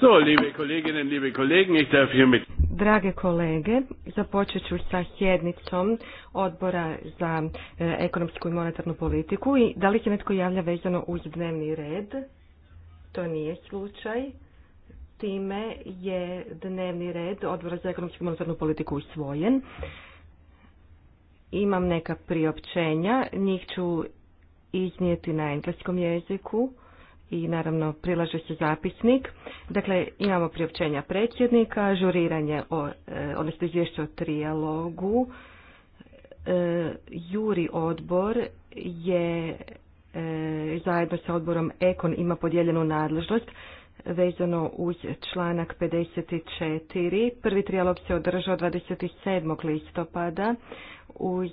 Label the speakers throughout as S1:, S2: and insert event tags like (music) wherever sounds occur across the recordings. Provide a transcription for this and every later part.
S1: So, liebe Kolleginnen, liebe Kollegen, ich
S2: Drage kolege, započet ću sa sjednicom odbora za e, ekonomsku i monetarnu politiku. I da li se netko javlja vezano uz dnevni red? To nije slučaj. Time je dnevni red odbora za ekonomsku i monetarnu politiku usvojen. Imam neka priopćenja, njih ću iznijeti na engleskom jeziku i naravno prilaže se zapisnik. Dakle, imamo priopćenja predsjednika, žuriranje, o, e, odnosno izvješće o trijalogu. E, juri odbor je e, zajedno sa odborom Ekon ima podijeljenu nadležnost vezano uz članak 54. Prvi trijalog se održao 27. listopada uz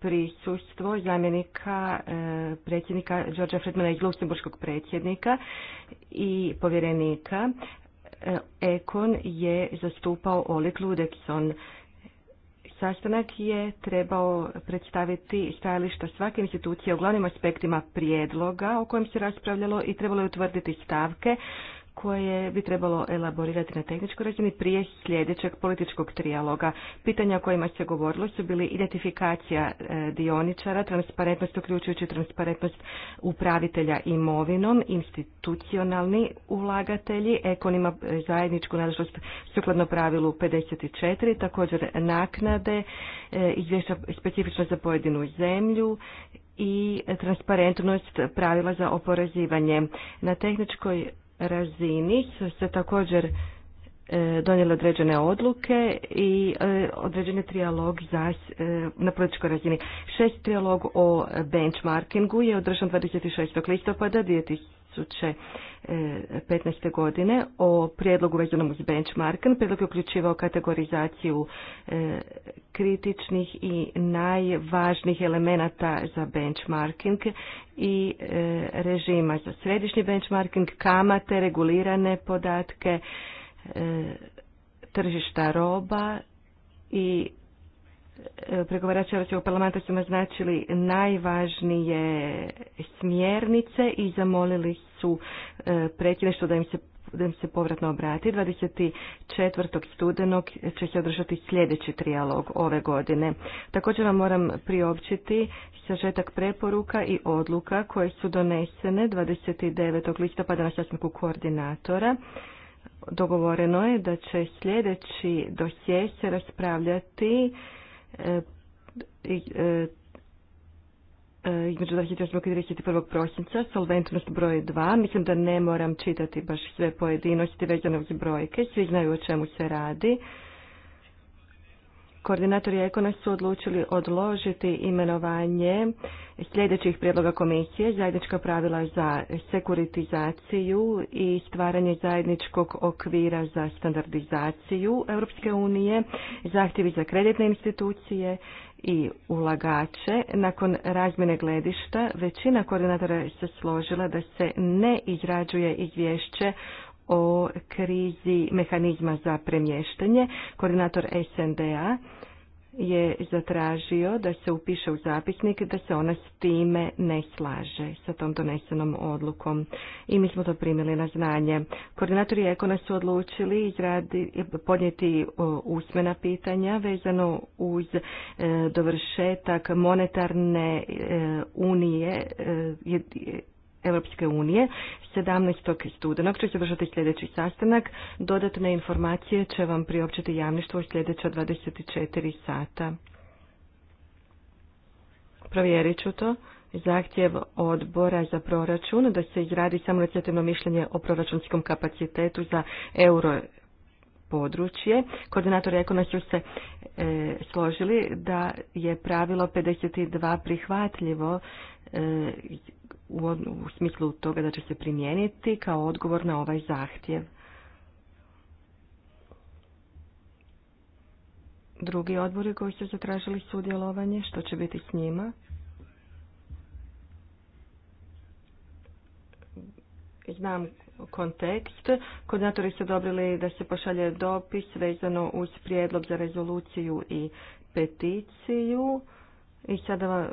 S2: prisustvo zamjenika e, predsjednika Đorđa Fredmana iz Luksemburskog predsjednika i povjerenika. E, Ekon je zastupao Olik Ludekson. Sastanak je trebao predstaviti stajališta svake institucije o glavnim aspektima prijedloga o kojem se raspravljalo i trebalo je utvrditi stavke koje bi trebalo elaborirati na tehničkoj razini prije sljedećeg političkog trijaloga. Pitanja o kojima se govorilo su bili identifikacija e, dioničara, transparentnost uključujući transparentnost upravitelja imovinom, institucionalni ulagatelji, ekonima e, zajedničku nadležnost sukladno pravilu 54, također naknade, e, izvješća specifično za pojedinu zemlju i transparentnost pravila za oporezivanje. Na tehničkoj razini su se također e, donijele određene odluke i e, određeni trijalog za, e, na političkoj razini. Šest trijalog o benchmarkingu je održan 26. listopada 2015. godine o prijedlogu vezanom uz benchmarken Prijedlog je uključivao kategorizaciju kritičnih i najvažnijih elemenata za benchmarking i e, režima za središnji benchmarking, kamate, regulirane podatke, e, tržišta roba i e, pregovarači u parlamenta su naznačili najvažnije smjernice i zamolili su što da im se da se povratno obrati. 24. studenog će se održati sljedeći trijalog ove godine. Također vam moram priopćiti sažetak preporuka i odluka koje su donesene 29. listopada na sastanku koordinatora. Dogovoreno je da će sljedeći dosje se raspravljati e, e, E, između 28. i 31. prosinca, solventnost broj 2. Mislim da ne moram čitati baš sve pojedinosti vezano uz brojke, svi znaju o čemu se radi koordinatori Ekonos su odlučili odložiti imenovanje sljedećih prijedloga komisije, zajednička pravila za sekuritizaciju i stvaranje zajedničkog okvira za standardizaciju Europske unije, zahtjevi za kreditne institucije i ulagače. Nakon razmjene gledišta većina koordinatora se složila da se ne izrađuje izvješće o krizi mehanizma za premještanje. Koordinator SNDA je zatražio da se upiše u zapisnik da se ona s time ne slaže, sa tom donesenom odlukom. I mi smo to primili na znanje. Koordinatori Ekona su odlučili izradi, podnijeti usmena pitanja vezano uz e, dovršetak monetarne e, unije e, Europske unije 17. studenog će se održati sljedeći sastanak. Dodatne informacije će vam priopćiti javništvo u sljedeća 24 sata. Provjerit ću to. Zahtjev odbora za proračun da se izradi samoinicijativno mišljenje o proračunskom kapacitetu za euro područje. Koordinatori Ekona su se e, složili da je pravilo 52 prihvatljivo e, u, u smislu toga da će se primijeniti kao odgovor na ovaj zahtjev. Drugi odbori koji su zatražili sudjelovanje, što će biti s njima? Znam kontekst. Koordinatori su dobili da se pošalje dopis vezano uz prijedlog za rezoluciju i peticiju. I sada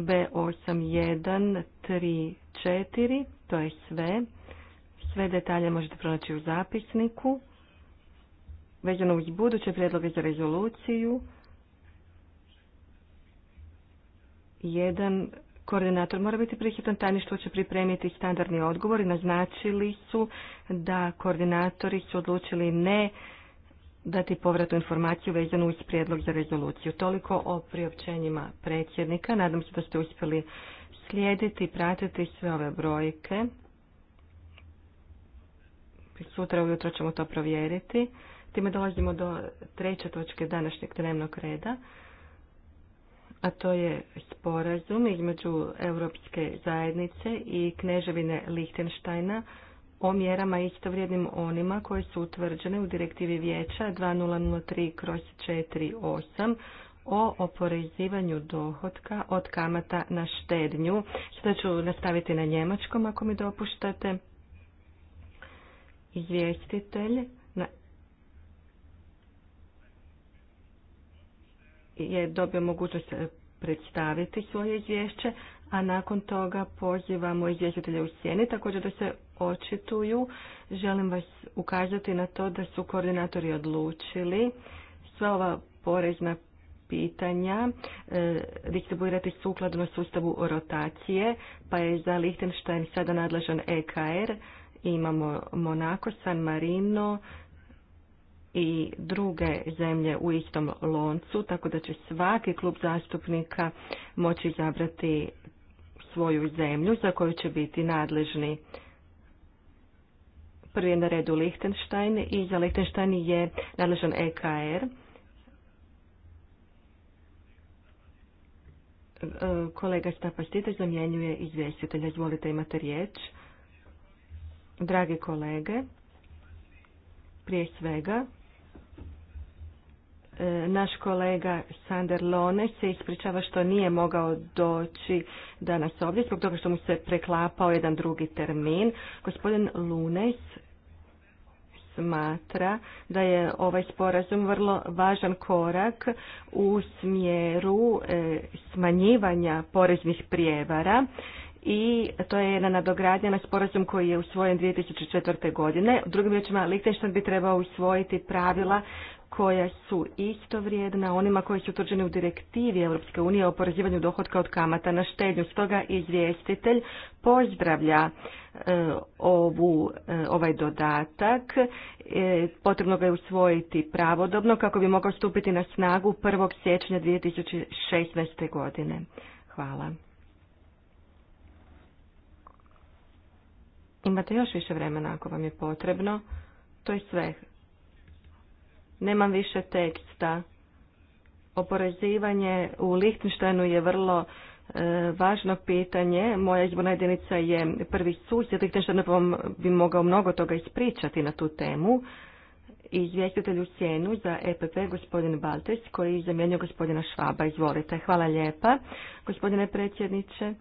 S2: b 8134 To je sve. Sve detalje možete pronaći u zapisniku. Vezano uz buduće prijedloge za rezoluciju. Jedan koordinator mora biti prisutan, tajništvo će pripremiti standardni odgovor i naznačili su da koordinatori su odlučili ne dati povratnu informaciju vezanu uz prijedlog za rezoluciju. Toliko o priopćenjima predsjednika. Nadam se da ste uspjeli slijediti i pratiti sve ove brojke. Sutra ujutro ćemo to provjeriti. Time dolazimo do treće točke današnjeg dnevnog reda, a to je sporazum između Europske zajednice i Kneževine Lichtensteina o mjerama istovrijednim onima koje su utvrđene u direktivi vijeća 2003/48 o oporezivanju dohotka od kamata na štednju. Sada ću nastaviti na njemačkom ako mi dopuštate. Izvjestitelj je dobio mogućnost predstaviti svoje izvješće, a nakon toga pozivamo izvjestitelja u sjeni također da se očituju. Želim vas ukazati na to da su koordinatori odlučili sva ova porezna pitanja e, distribuirati sukladno sustavu rotacije, pa je za Liechtenstein sada nadležan EKR, imamo Monako, San Marino i druge zemlje u istom loncu, tako da će svaki klub zastupnika moći izabrati svoju zemlju za koju će biti nadležni. Prvi je na redu Lichtenstein i za Lichtenstein je nadležan EKR. E, kolega Stapastitić zamjenjuje izvjestitelja. Izvolite, imate riječ. Dragi kolege, prije svega, E, naš kolega Sander Lone se ispričava što nije mogao doći danas ovdje zbog toga što mu se preklapao jedan drugi termin. Gospodin Lunes smatra da je ovaj sporazum vrlo važan korak u smjeru e, smanjivanja poreznih prijevara i to je jedna nadogradnja na sporazum koji je usvojen 2004. godine. U Drugim rječima, Lichtenstein bi trebao usvojiti pravila koja su isto vrijedna onima koji su utvrđeni u direktivi Europske unije o oporezivanju dohotka od kamata na štednju. Stoga izvjestitelj pozdravlja e, ovu, e, ovaj dodatak. E, potrebno ga je usvojiti pravodobno kako bi mogao stupiti na snagu 1. siječnja 2016. godine. Hvala. Imate još više vremena ako vam je potrebno. To je sve. Nemam više teksta. Oporezivanje u Lichtensteinu je vrlo e, važno pitanje. Moja izborna jedinica je prvi susjed. Lihtenštajn pa bi mogao mnogo toga ispričati na tu temu. Izvjestitelj u cijenu za EPP, gospodin Baltes, koji je zamijenio gospodina Švaba. Izvolite. Hvala lijepa, gospodine predsjedniče.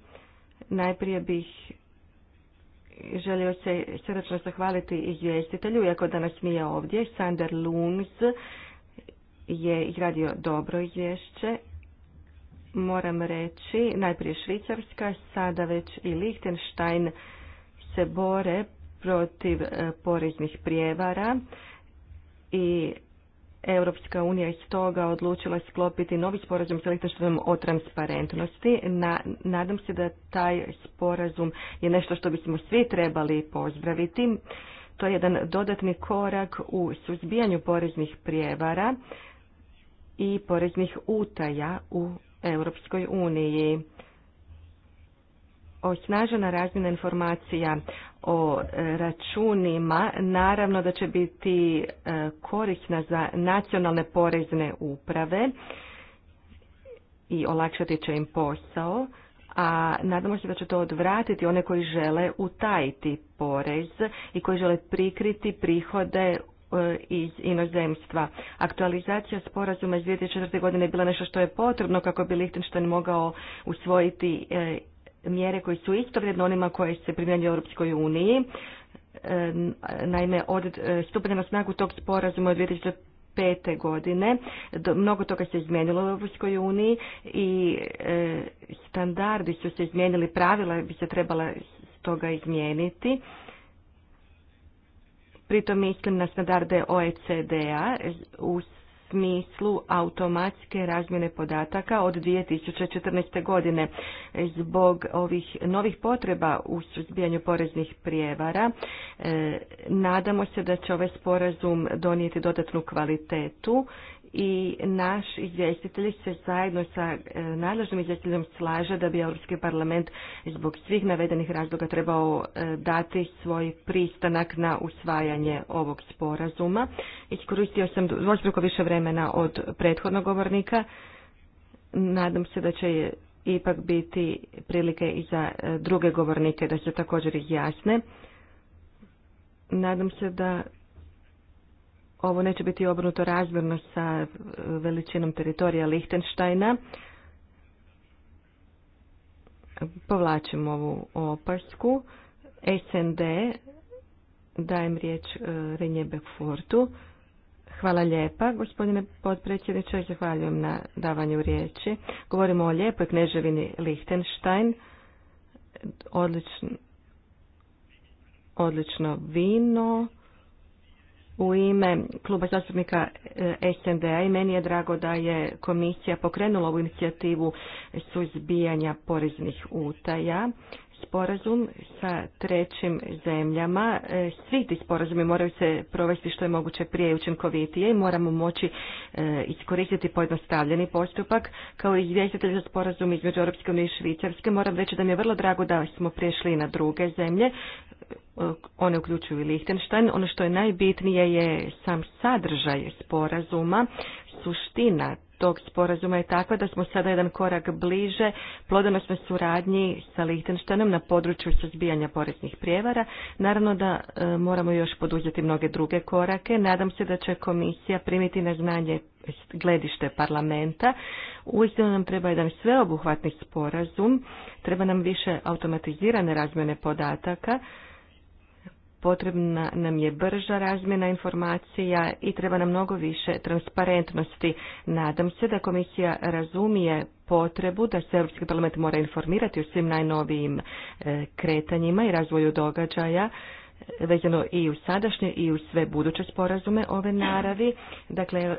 S2: Najprije bih želio se srdačno zahvaliti izvjestitelju, iako danas nije ovdje. Sander Lums je izradio dobro izvješće. Moram reći, najprije Švicarska, sada već i Lichtenstein se bore protiv eh, poreznih prijevara i Europska unija iz toga odlučila sklopiti novi sporazum sa Lichtensteinom o transparentnosti. nadam se da taj sporazum je nešto što bismo svi trebali pozdraviti. To je jedan dodatni korak u suzbijanju poreznih prijevara i poreznih utaja u Europskoj uniji. Osnažena razmjena informacija o e, računima, naravno da će biti e, korisna za nacionalne porezne uprave i olakšati će im posao, a nadamo se da će to odvratiti one koji žele utajiti porez i koji žele prikriti prihode e, iz inozemstva. Aktualizacija sporazuma iz 2004. godine je bila nešto što je potrebno kako bi Lichtenstein mogao usvojiti mjere koje su istovredno onima koje se primjenjuju u Europskoj uniji. E, naime, od e, stupanja na snagu tog sporazuma od 2005. godine mnogo toga se izmijenilo u Europskoj uniji i e, standardi su se izmijenili, pravila bi se trebala toga izmijeniti. Pritom mislim na standarde OECD-a. U smislu automatske razmjene podataka od 2014. godine. Zbog ovih novih potreba u suzbijanju poreznih prijevara e, nadamo se da će ovaj sporazum donijeti dodatnu kvalitetu i naš izvjestitelj se zajedno sa e, nadležnim izvjestiteljom slaže da bi Europski parlament zbog svih navedenih razloga trebao e, dati svoj pristanak na usvajanje ovog sporazuma. Iskoristio sam dvostruko više vremena od prethodnog govornika. Nadam se da će ipak biti prilike i za e, druge govornike da se također izjasne. Nadam se da ovo neće biti obrnuto razmjerno sa e, veličinom teritorija Lihtenštajna. Povlačim ovu opasku. SND, dajem riječ e, Renje Bekfurtu. Hvala lijepa, gospodine potpredsjedniče, zahvaljujem na davanju riječi. Govorimo o lijepoj kneževini Lichtenstein, odlično vino, u ime kluba zastupnika e, snd i meni je drago da je komisija pokrenula ovu inicijativu suzbijanja poreznih utaja sporazum sa trećim zemljama. E, svi ti sporazumi moraju se provesti što je moguće prije i učinkovitije i moramo moći e, iskoristiti pojednostavljeni postupak. Kao izvjestitelj za sporazum između Europske unije i Švicarske moram reći da mi je vrlo drago da smo prešli na druge zemlje. E, one uključuju i Lichtenstein. Ono što je najbitnije je sam sadržaj sporazuma, suština tog sporazuma je takva da smo sada jedan korak bliže plodonosnoj suradnji sa Lichtensteinom na području suzbijanja poreznih prijevara. Naravno da e, moramo još poduzeti mnoge druge korake. Nadam se da će komisija primiti na znanje gledište parlamenta. Uistinu nam treba jedan sveobuhvatni sporazum, treba nam više automatizirane razmjene podataka potrebna nam je brža razmjena informacija i treba nam mnogo više transparentnosti. Nadam se da komisija razumije potrebu da se Europski parlament mora informirati o svim najnovijim e, kretanjima i razvoju događaja vezano i u sadašnje i u sve buduće sporazume ove naravi. Dakle,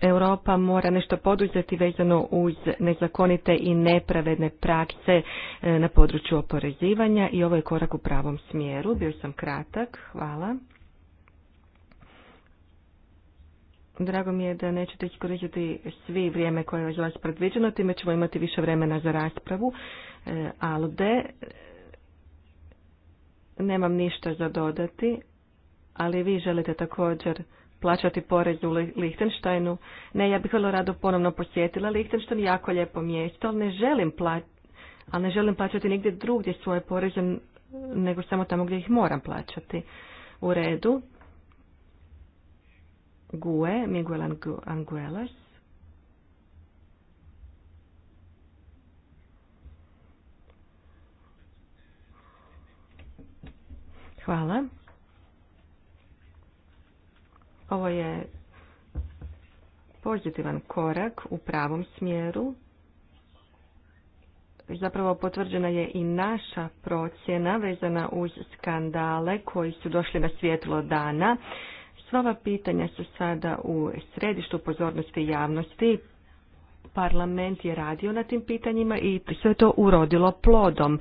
S2: Europa mora nešto poduzeti vezano uz nezakonite i nepravedne prakse e, na području oporezivanja i ovo je korak u pravom smjeru. Bio sam kratak, hvala. Drago mi je da nećete iskoristiti svi vrijeme koje je za vas predviđeno, time ćemo imati više vremena za raspravu. E, Alde, Nemam ništa za dodati, ali vi želite također plaćati porez u Lichtensteinu. Ne, ja bih vrlo rado ponovno posjetila Lihtenštajn, jako lijepo mjesto, ali ne želim pla ali ne želim plaćati nigdje drugdje svoje poreze nego samo tamo gdje ih moram plaćati. U redu. Gue, Miguel Anguelas. Hvala. Ovo je pozitivan korak u pravom smjeru. Zapravo potvrđena je i naša procjena vezana uz skandale koji su došli na svjetlo dana. Sva pitanja su sada u središtu pozornosti javnosti. Parlament je radio na tim pitanjima i sve to urodilo plodom.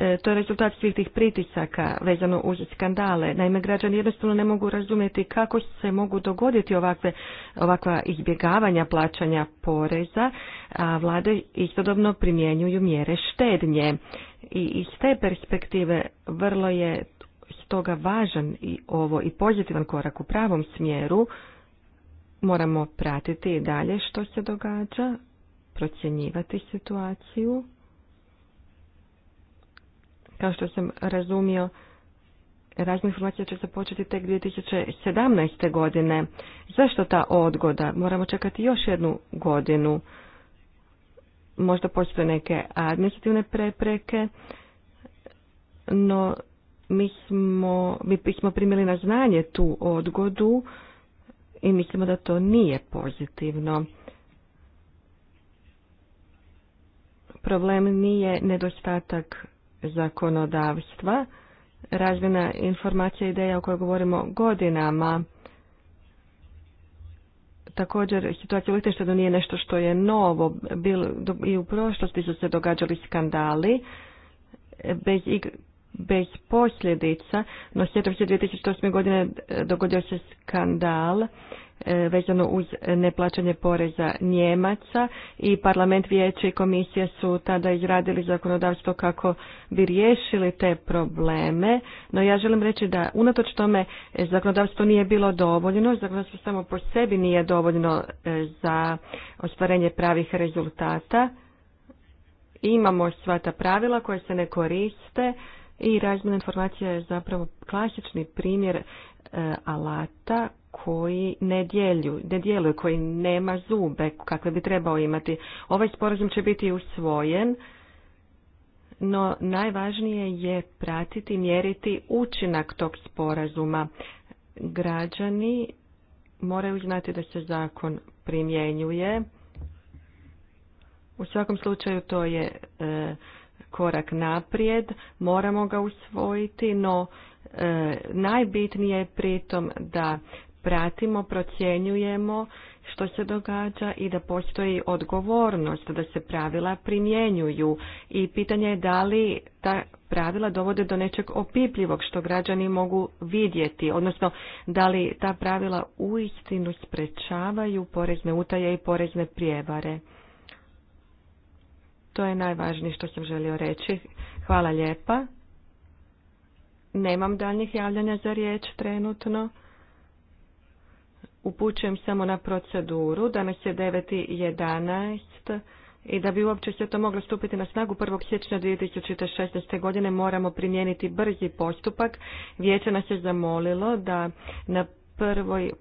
S2: E, to je rezultat svih tih pritisaka vezano uz skandale. Naime, građani jednostavno ne mogu razumjeti kako se mogu dogoditi ovakve, ovakva izbjegavanja plaćanja poreza, a vlade istodobno primjenjuju mjere štednje. I iz te perspektive vrlo je stoga važan i ovo i pozitivan korak u pravom smjeru. Moramo pratiti i dalje što se događa, procjenjivati situaciju. Kao što sam razumio, razne informacija će se početi tek 2017. godine. Zašto ta odgoda? Moramo čekati još jednu godinu. Možda postoje neke administrativne prepreke, no mi smo, mi smo primili na znanje tu odgodu i mislimo da to nije pozitivno. Problem nije nedostatak zakonodavstva, razmjena informacija i ideja o kojoj govorimo godinama. Također, situacija u da nije nešto što je novo. Bil, I u prošlosti su se događali skandali bez, bez posljedica, no sjetom se 2008. godine dogodio se skandal E, vezano uz neplaćanje poreza Njemaca i parlament vijeće i komisije su tada izradili zakonodavstvo kako bi riješili te probleme, no ja želim reći da unatoč tome e, zakonodavstvo nije bilo dovoljno, zakonodavstvo samo po sebi nije dovoljno e, za ostvarenje pravih rezultata. Imamo sva ta pravila koja se ne koriste i razmjena informacija je zapravo klasični primjer alata koji ne djeluju, koji nema zube kakve bi trebao imati. Ovaj sporazum će biti usvojen, no najvažnije je pratiti, mjeriti učinak tog sporazuma. Građani moraju znati da se zakon primjenjuje. U svakom slučaju to je e, korak naprijed, moramo ga usvojiti, no e, najbitnije je pritom da pratimo, procjenjujemo što se događa i da postoji odgovornost da se pravila primjenjuju i pitanje je da li ta pravila dovode do nečeg opipljivog što građani mogu vidjeti, odnosno da li ta pravila uistinu sprečavaju porezne utaje i porezne prijevare. To je najvažnije što sam želio reći. Hvala lijepa. Nemam daljnjih javljanja za riječ trenutno upućujem samo na proceduru. Danas je 9.11. I da bi uopće sve to moglo stupiti na snagu 1. siječnja 2016. godine moramo primijeniti brzi postupak. Vijeće nas je zamolilo da na prvoj,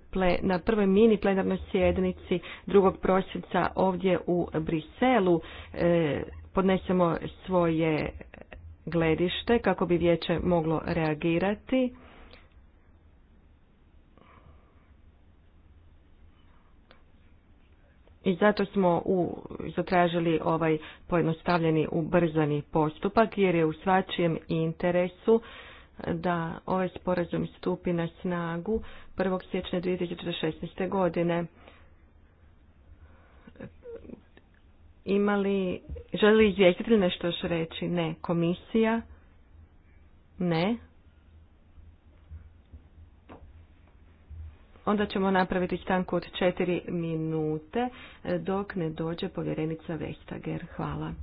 S2: na prvoj mini plenarnoj sjednici 2. prosinca ovdje u Briselu e, podnesemo svoje gledište kako bi vijeće moglo reagirati. i zato smo u, zatražili ovaj pojednostavljeni ubrzani postupak jer je u svačijem interesu da ovaj sporazum stupi na snagu 1. siječnja 2016. godine. Imali, želi li izvijestiti nešto još reći? Ne. Komisija? Ne. Onda ćemo napraviti stanku od četiri minute dok ne dođe povjerenica Vestager. Hvala.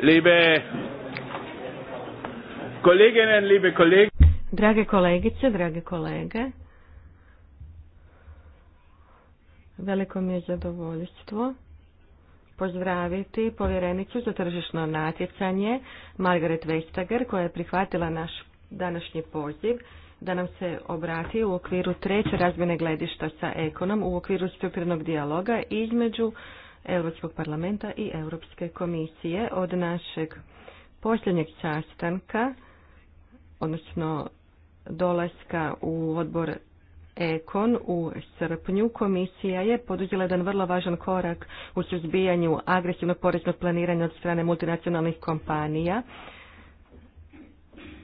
S1: Liebe Kolleginnen, liebe Kollegen.
S2: Drage kolegice, drage kolege. Veliko mi je zadovoljstvo pozdraviti povjerenicu za tržišno natjecanje Margaret Vestager koja je prihvatila naš današnji poziv da nam se obrati u okviru treće razmjene gledišta sa ekonom u okviru strukturnog dijaloga između Europskog parlamenta i Europske komisije od našeg posljednjeg sastanka, odnosno dolaska u odbor Ekon u srpnju komisija je poduzela jedan vrlo važan korak u suzbijanju agresivnog poreznog planiranja od strane multinacionalnih kompanija.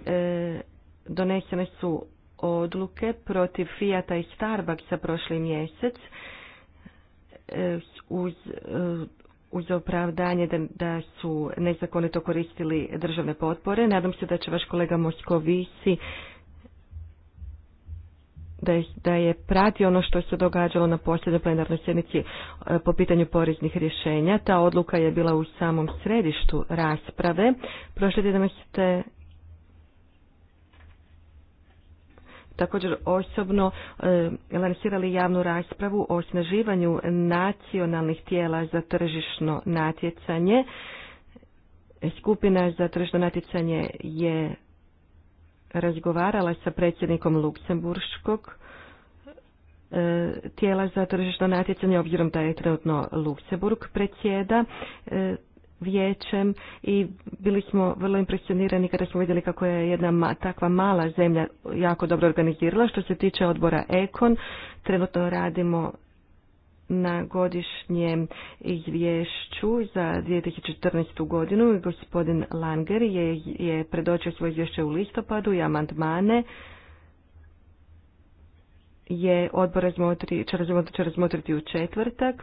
S2: E, donesene su odluke protiv Fiata i Starbucksa prošli mjesec uz, uz opravdanje da, da su nezakonito koristili državne potpore. Nadam se da će vaš kolega Moskovisi da je, da je pratio ono što se događalo na posljednoj plenarnoj sjednici e, po pitanju poreznih rješenja. Ta odluka je bila u samom središtu rasprave. Prošli tjedan ste također osobno e, lansirali javnu raspravu o osnaživanju nacionalnih tijela za tržišno natjecanje. Skupina za tržišno natjecanje je razgovarala sa predsjednikom Luksemburškog e, tijela za tržišno natjecanje, obzirom da je trenutno Luksemburg predsjeda e, vijećem i bili smo vrlo impresionirani kada smo vidjeli kako je jedna takva mala zemlja jako dobro organizirala. Što se tiče odbora Ekon, trenutno radimo na godišnjem izvješću za 2014. godinu. Gospodin Langer je, je predočio svoje izvješće u listopadu i amandmane je odbor razmotri, će razmotriti u četvrtak.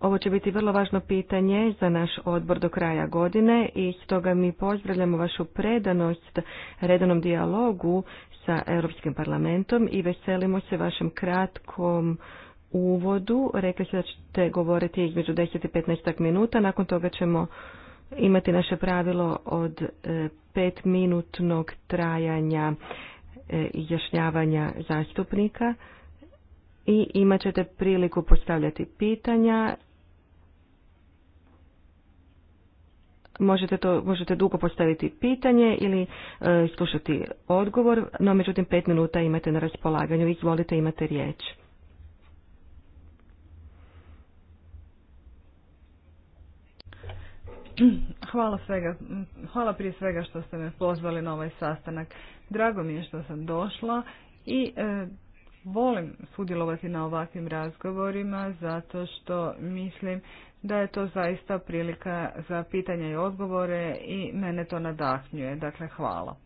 S2: Ovo će biti vrlo važno pitanje za naš odbor do kraja godine i stoga mi pozdravljamo vašu predanost redanom dijalogu sa Europskim parlamentom i veselimo se vašem kratkom uvodu. Rekli ste da ćete govoriti između 10 i 15 minuta, nakon toga ćemo imati naše pravilo od 5-minutnog e, trajanja e, izjašnjavanja zastupnika i imat ćete priliku postavljati pitanja. Možete, to, možete dugo postaviti pitanje ili e, slušati odgovor, no međutim pet minuta imate na raspolaganju. Izvolite, imate riječ.
S1: Hvala, svega, hvala prije svega što ste me pozvali na ovaj sastanak. Drago mi je što sam došla i e, volim sudjelovati na ovakvim razgovorima zato što mislim da je to zaista prilika za pitanja i odgovore i mene to nadahnjuje. Dakle, hvala.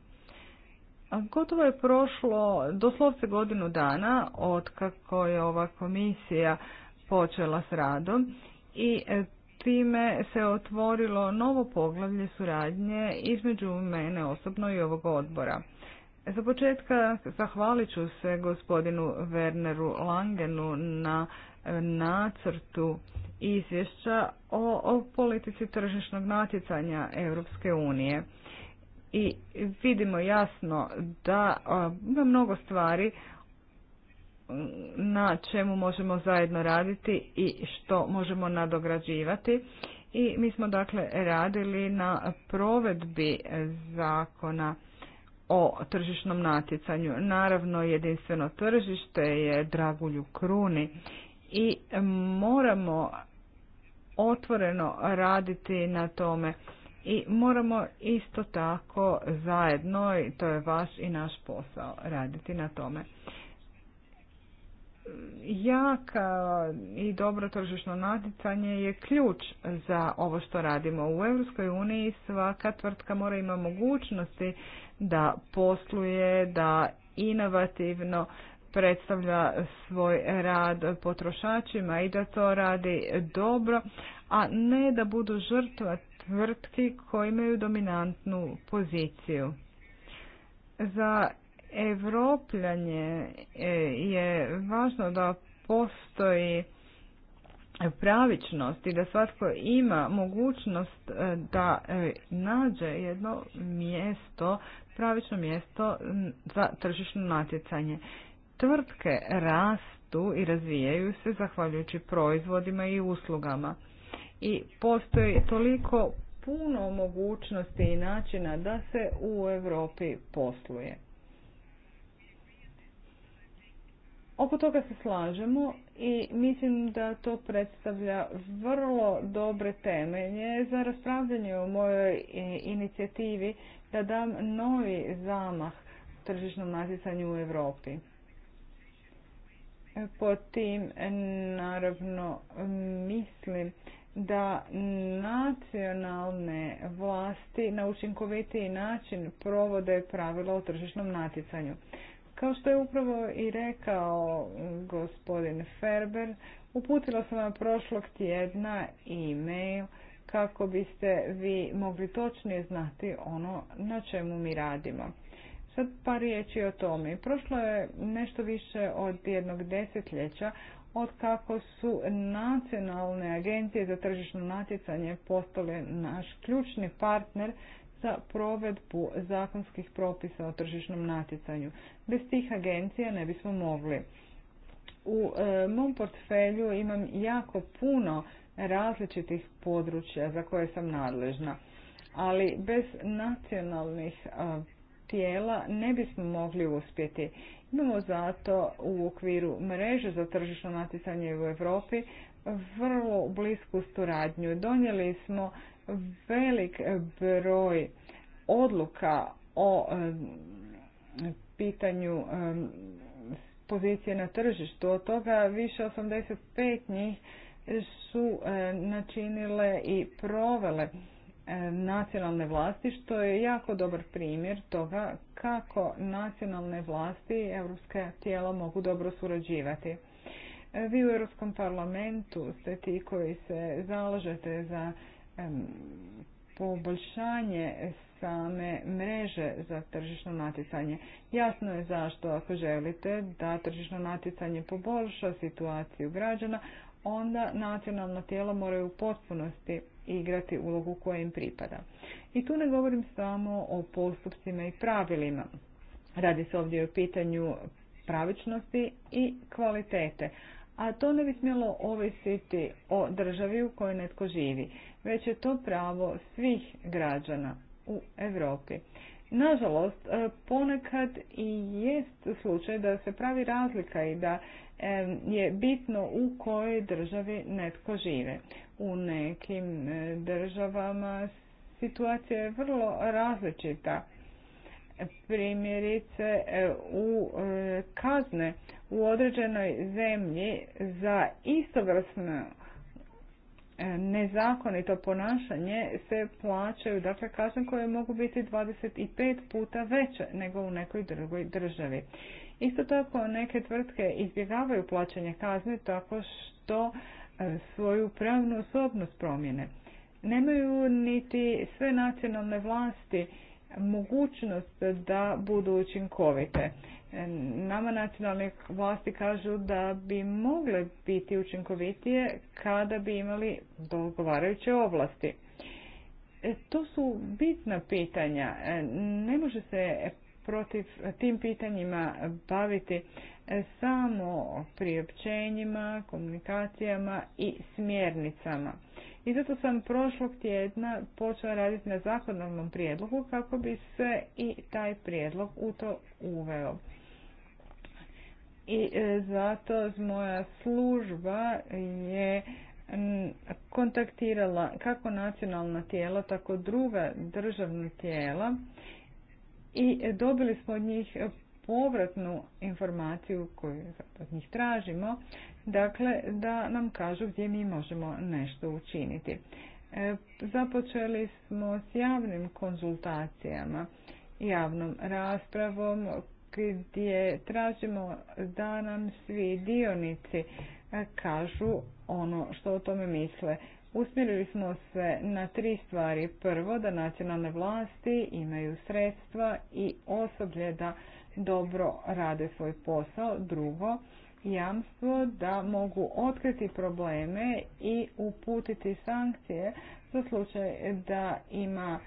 S1: gotovo je prošlo doslovce godinu dana od kako je ova komisija počela s radom i e, time se otvorilo novo poglavlje suradnje između mene osobno i ovog odbora. Za početka zahvalit ću se gospodinu Werneru Langenu na nacrtu izvješća o, politici tržišnog natjecanja Europske unije. I vidimo jasno da ima mnogo stvari na čemu možemo zajedno raditi i što možemo nadograđivati. I mi smo dakle radili na provedbi zakona o tržišnom natjecanju. Naravno, jedinstveno tržište je dragulju kruni i moramo otvoreno raditi na tome i moramo isto tako zajedno, i to je vaš i naš posao, raditi na tome. Jaka i dobro tržišno natjecanje je ključ za ovo što radimo. U EU svaka tvrtka mora ima mogućnosti da posluje, da inovativno predstavlja svoj rad potrošačima i da to radi dobro, a ne da budu žrtva tvrtki koji imaju dominantnu poziciju. Za Evropljanje e, je važno da postoji pravičnost i da svatko ima mogućnost e, da e, nađe jedno mjesto pravično mjesto za tržišno natjecanje. Tvrtke rastu i razvijaju se zahvaljujući proizvodima i uslugama. I postoji toliko puno mogućnosti i načina da se u Europi posluje. Oko toga se slažemo i mislim da to predstavlja vrlo dobre temelje za raspravljanje o mojoj e, inicijativi da dam novi zamah tržišnom natjecanju u Europi. E, po tim e, naravno mislim da nacionalne vlasti na učinkovitiji način provode pravila o tržišnom natjecanju. Kao što je upravo i rekao gospodin Ferber, uputila sam vam prošlog tjedna e-mail kako biste vi mogli točnije znati ono na čemu mi radimo. Sad par riječi o tome. Prošlo je nešto više od jednog desetljeća od kako su nacionalne agencije za tržišno natjecanje postale naš ključni partner za provedbu zakonskih propisa o tržišnom natjecanju. Bez tih agencija ne bismo mogli. U e, mom portfelju imam jako puno različitih područja za koje sam nadležna, ali bez nacionalnih e, tijela ne bismo mogli uspjeti. Imamo zato u okviru mreže za tržišno natjecanje u Europi vrlo blisku suradnju. Donijeli smo velik broj odluka o e, pitanju e, pozicije na tržištu. Od toga više 85 njih su e, načinile i provele nacionalne vlasti, što je jako dobar primjer toga kako nacionalne vlasti i europska tijela mogu dobro surađivati. Vi u Europskom parlamentu ste ti koji se zalažete za poboljšanje same mreže za tržišno natjecanje. Jasno je zašto ako želite da tržišno natjecanje poboljša situaciju građana, onda nacionalna tijela moraju u potpunosti igrati ulogu koja im pripada. I tu ne govorim samo o postupcima i pravilima. Radi se ovdje o pitanju pravičnosti i kvalitete, a to ne bi smjelo ovisiti o državi u kojoj netko živi, već je to pravo svih građana u Europi. Nažalost, e, ponekad i jest slučaj da se pravi razlika i da je bitno u kojoj državi netko žive. U nekim e, državama situacija je vrlo različita. Primjerice e, u kazne u određenoj zemlji za istovrsno e, nezakonito ponašanje se plaćaju dakle kazne koje mogu biti 25 puta veće nego u nekoj drugoj državi. Isto tako neke tvrtke izbjegavaju plaćanje kazne tako što e, svoju pravnu osobnost promjene. Nemaju niti sve nacionalne vlasti mogućnost da budu učinkovite. Nama nacionalne vlasti kažu da bi mogle biti učinkovitije kada bi imali dogovarajuće ovlasti. E, to su bitna pitanja. E, ne može se protiv tim pitanjima baviti e, samo priopćenjima, komunikacijama i smjernicama. I zato sam prošlog tjedna počela raditi na zakonovnom prijedlogu kako bi se i taj prijedlog u to uveo i e, zato moja služba je kontaktirala kako nacionalna tijela, tako druga državna tijela i dobili smo od njih povratnu informaciju koju od njih tražimo, dakle da nam kažu gdje mi možemo nešto učiniti. E, započeli smo s javnim konzultacijama, javnom raspravom gdje tražimo da nam svi dionici e, kažu ono što o tome misle. Usmjerili smo se na tri stvari. Prvo, da nacionalne vlasti imaju sredstva i osoblje da dobro rade svoj posao. Drugo, jamstvo da mogu otkriti probleme i uputiti sankcije za slučaj da ima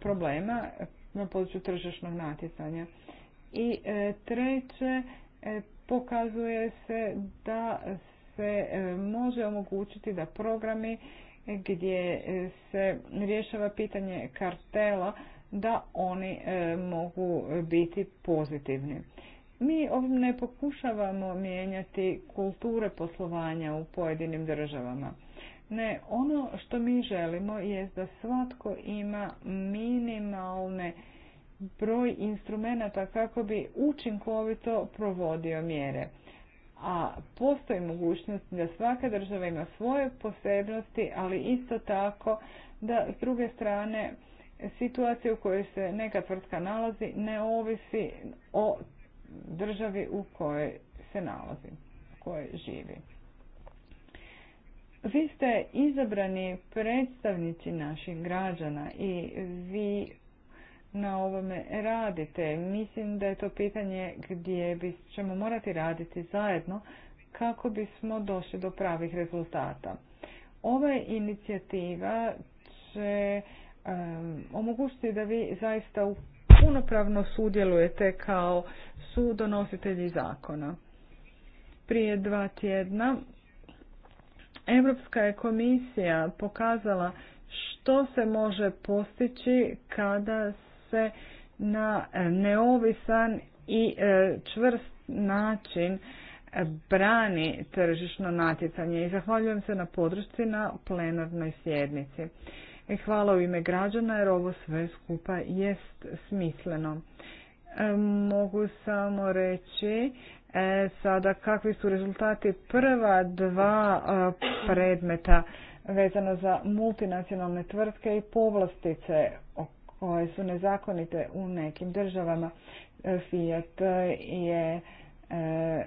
S1: problema na području tržišnog natjecanja. I e, treće, e, pokazuje se da se e, može omogućiti da programi gdje se rješava pitanje kartela da oni mogu biti pozitivni. Mi ovim ne pokušavamo mijenjati kulture poslovanja u pojedinim državama. Ne, ono što mi želimo je da svatko ima minimalne broj instrumenata kako bi učinkovito provodio mjere. A postoji mogućnost da svaka država ima svoje posebnosti, ali isto tako da s druge strane situacija u kojoj se neka tvrtka nalazi ne ovisi o državi u kojoj se nalazi, u kojoj živi. Vi ste izabrani predstavnici naših građana i vi na ovome radite. Mislim da je to pitanje gdje ćemo morati raditi zajedno kako bismo došli do pravih rezultata. Ova inicijativa će um, omogućiti da vi zaista punopravno sudjelujete kao sudonositelji zakona. Prije dva tjedna Europska je komisija pokazala što se može postići kada se na e, neovisan i e, čvrst način e, brani tržišno natjecanje i zahvaljujem se na podršci na plenarnoj sjednici. Hvala u ime građana jer ovo sve skupa jest smisleno. Mogu samo reći sada kakvi su rezultati prva dva predmeta vezano za multinacionalne tvrtke i povlastice o koje su nezakonite u nekim državama. E, Fiat e, je e,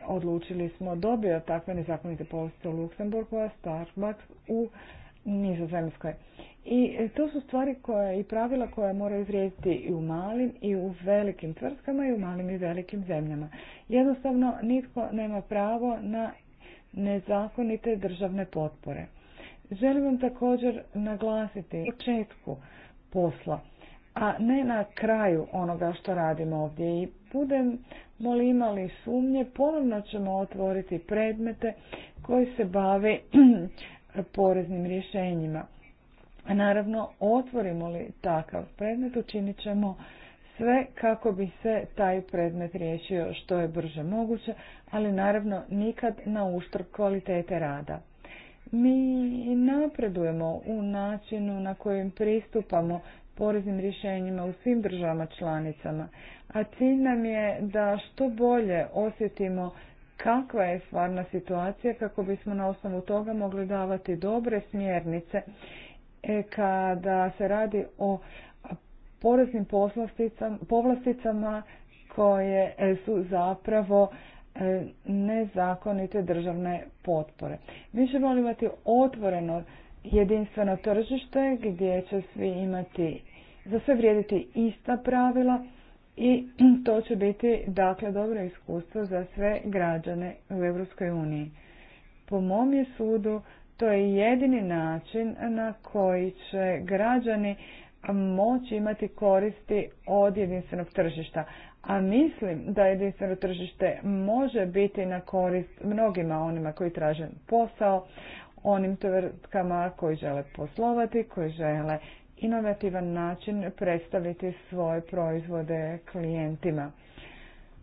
S1: odlučili smo dobio takve nezakonite poste u Luksemburgu, a Starbucks u Nizozemskoj. I to su stvari koje i pravila koja moraju vrijediti i u malim i u velikim tvrtkama i u malim i velikim zemljama. Jednostavno nitko nema pravo na nezakonite državne potpore. Želim vam također naglasiti početku posla a ne na kraju onoga što radimo ovdje. I budemo li imali sumnje, ponovno ćemo otvoriti predmete koji se bave (clears throat) poreznim rješenjima. A naravno, otvorimo li takav predmet, učinit ćemo sve kako bi se taj predmet riješio što je brže moguće, ali naravno nikad na uštrb kvalitete rada. Mi napredujemo u načinu na kojem pristupamo poreznim rješenjima u svim državama članicama, a cilj nam je da što bolje osjetimo kakva je stvarna situacija kako bismo na osnovu toga mogli davati dobre smjernice e, kada se radi o poreznim povlasticama koje e, su zapravo e, nezakonite državne potpore. Mi ćemo imati otvoreno jedinstveno tržište gdje će svi imati za sve vrijediti ista pravila i (clears throat) to će biti dakle dobro iskustvo za sve građane u Europskoj uniji. Po mom je sudu to je jedini način na koji će građani moći imati koristi od jedinstvenog tržišta. A mislim da jedinstveno tržište može biti na korist mnogima onima koji traže posao, onim tvrtkama koji žele poslovati, koji žele inovativan način predstaviti svoje proizvode klijentima.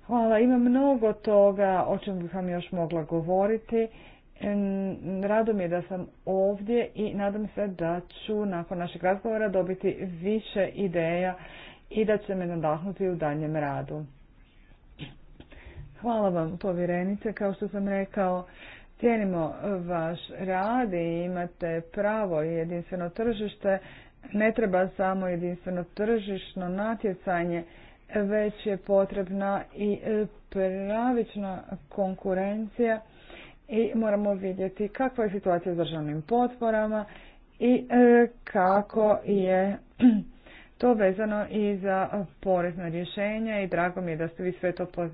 S1: Hvala, ima mnogo toga o čem bih vam još mogla govoriti. Rado mi je da sam ovdje i nadam se da ću nakon našeg razgovora dobiti više ideja i da će me nadahnuti u daljem radu. Hvala vam povjerenice, kao što sam rekao, cijenimo vaš rad i imate pravo jedinstveno tržište ne treba samo jedinstveno tržišno natjecanje, već je potrebna i e, pravična konkurencija i moramo vidjeti kakva je situacija s državnim potporama i e, kako je (clears throat) to vezano i za porezna rješenja i drago mi je da ste vi sve to e,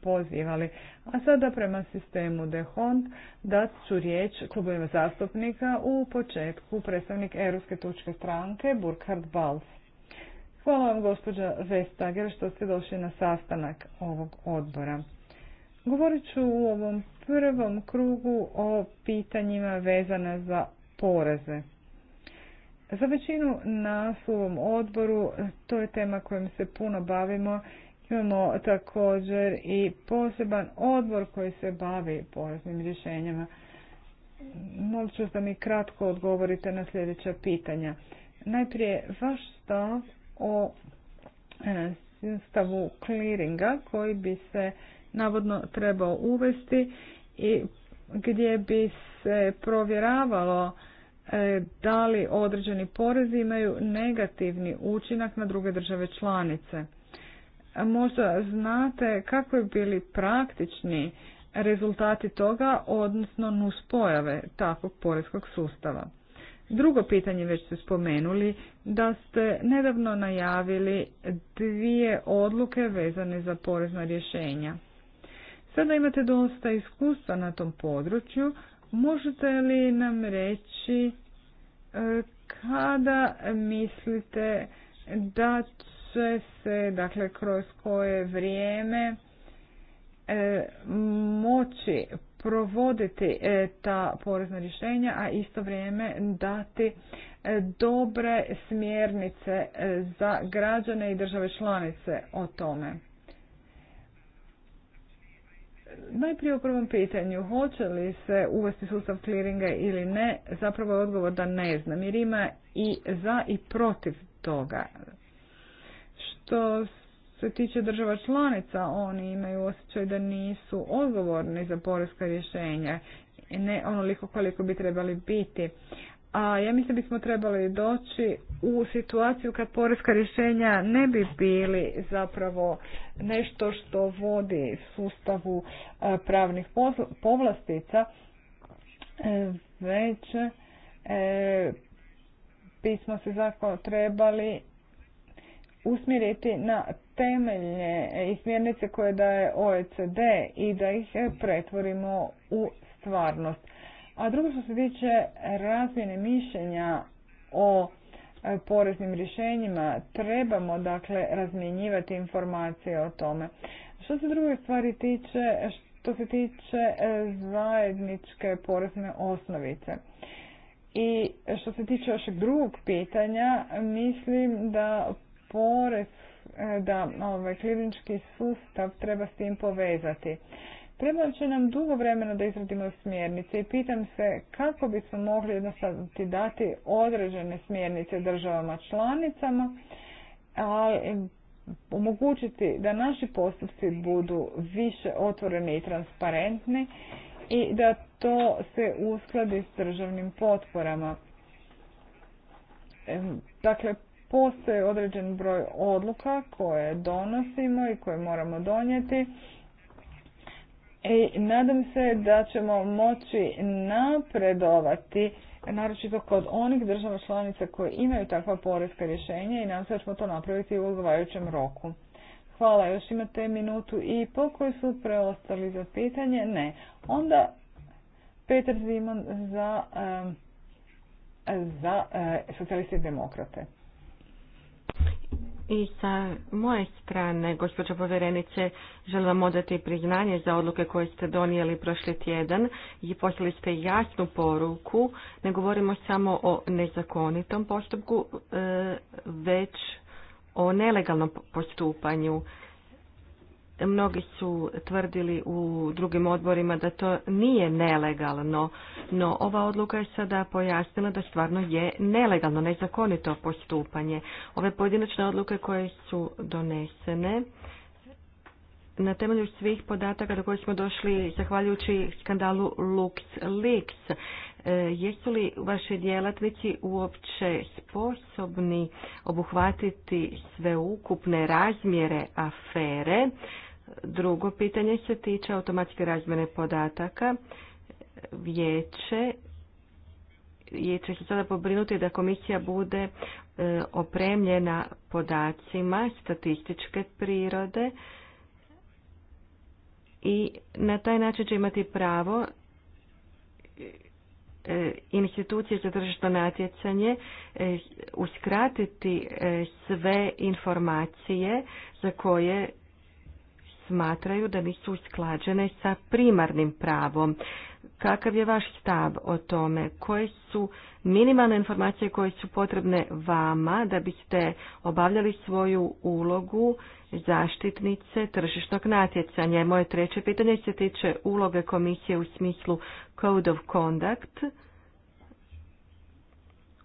S1: pozivali. A sada prema sistemu Hond dat ću riječ klubovima zastupnika u početku predstavnik Europske tučke stranke Burkhard Bals. Hvala vam gospođa Vestager što ste došli na sastanak ovog odbora. Govorit ću u ovom prvom krugu o pitanjima vezana za poreze. Za većinu nas u ovom odboru to je tema kojom se puno bavimo Imamo također i poseban odbor koji se bavi poreznim rješenjima. Molit ću da mi kratko odgovorite na sljedeća pitanja. Najprije, vaš stav o e, sustavu clearinga koji bi se navodno trebao uvesti i gdje bi se provjeravalo e, da li određeni porezi imaju negativni učinak na druge države članice. Možda znate kako bi bili praktični rezultati toga, odnosno nuspojave takvog poreskog sustava. Drugo pitanje već ste spomenuli, da ste nedavno najavili dvije odluke vezane za porezna rješenja. Sada imate dosta iskustva na tom području, možete li nam reći e, kada mislite da se dakle kroz koje vrijeme e, moći provoditi e, ta porezna rješenja, a isto vrijeme dati e, dobre smjernice za građane i države članice o tome. Najprije u prvom pitanju, hoće li se uvesti sustav clearinga ili ne, zapravo je odgovor da ne znam, jer ima i za i protiv toga. Što se tiče država članica, oni imaju osjećaj da nisu odgovorni za poreska rješenja, ne onoliko koliko bi trebali biti. A ja mislim da bismo trebali doći u situaciju kad poreska rješenja ne bi bili zapravo nešto što vodi sustavu e, pravnih povlastica, e, već e, bismo se zako trebali usmjeriti na temeljne i smjernice koje daje OECD i da ih pretvorimo u stvarnost. A drugo što se tiče razmjene mišljenja o e, poreznim rješenjima, trebamo dakle razmjenjivati informacije o tome. Što se druge stvari tiče, što se tiče e, zajedničke porezne osnovice. I što se tiče vašeg drugog pitanja, mislim da porez, e, da ovaj klinički sustav treba s tim povezati. Treba će nam dugo vremena da izradimo smjernice i pitam se kako bismo mogli jednostavno dati određene smjernice državama članicama, ali omogućiti da naši postupci budu više otvoreni i transparentni i da to se uskladi s državnim potporama. Dakle, Postoje određen broj odluka koje donosimo i koje moramo donijeti. I nadam se da ćemo moći napredovati, naročito kod onih država članica koje imaju takva porezka rješenja i nam se da ćemo to napraviti u odgovarajućem roku. Hvala, još imate minutu i po koji su preostali za pitanje. Ne. Onda Petar Zimon za, za e, socijaliste i demokrate.
S2: I sa moje strane, gospođo povjerenice, želim vam odati priznanje za odluke koje ste donijeli prošli tjedan i poslali ste jasnu poruku. Ne govorimo samo o nezakonitom postupku, e, već o nelegalnom postupanju. Mnogi su tvrdili u drugim odborima da to nije nelegalno, no ova odluka je sada pojasnila da stvarno je nelegalno, nezakonito postupanje. Ove pojedinačne odluke koje su donesene, na temelju svih podataka do koje smo došli zahvaljujući skandalu LuxLeaks, e, jesu li vaši djelatnici uopće sposobni obuhvatiti sve ukupne razmjere afere? Drugo pitanje se tiče automatske razmjene podataka. Vijeće je će se sada pobrinuti da komisija bude e, opremljena podacima statističke prirode i na taj način će imati pravo e, institucije za tržišno natjecanje e, uskratiti sve informacije za koje smatraju da nisu usklađene sa primarnim pravom. Kakav je vaš stav o tome? Koje su minimalne informacije koje su potrebne vama da biste obavljali svoju ulogu zaštitnice tržišnog natjecanja? Moje treće pitanje se tiče uloge komisije u smislu Code of Conduct.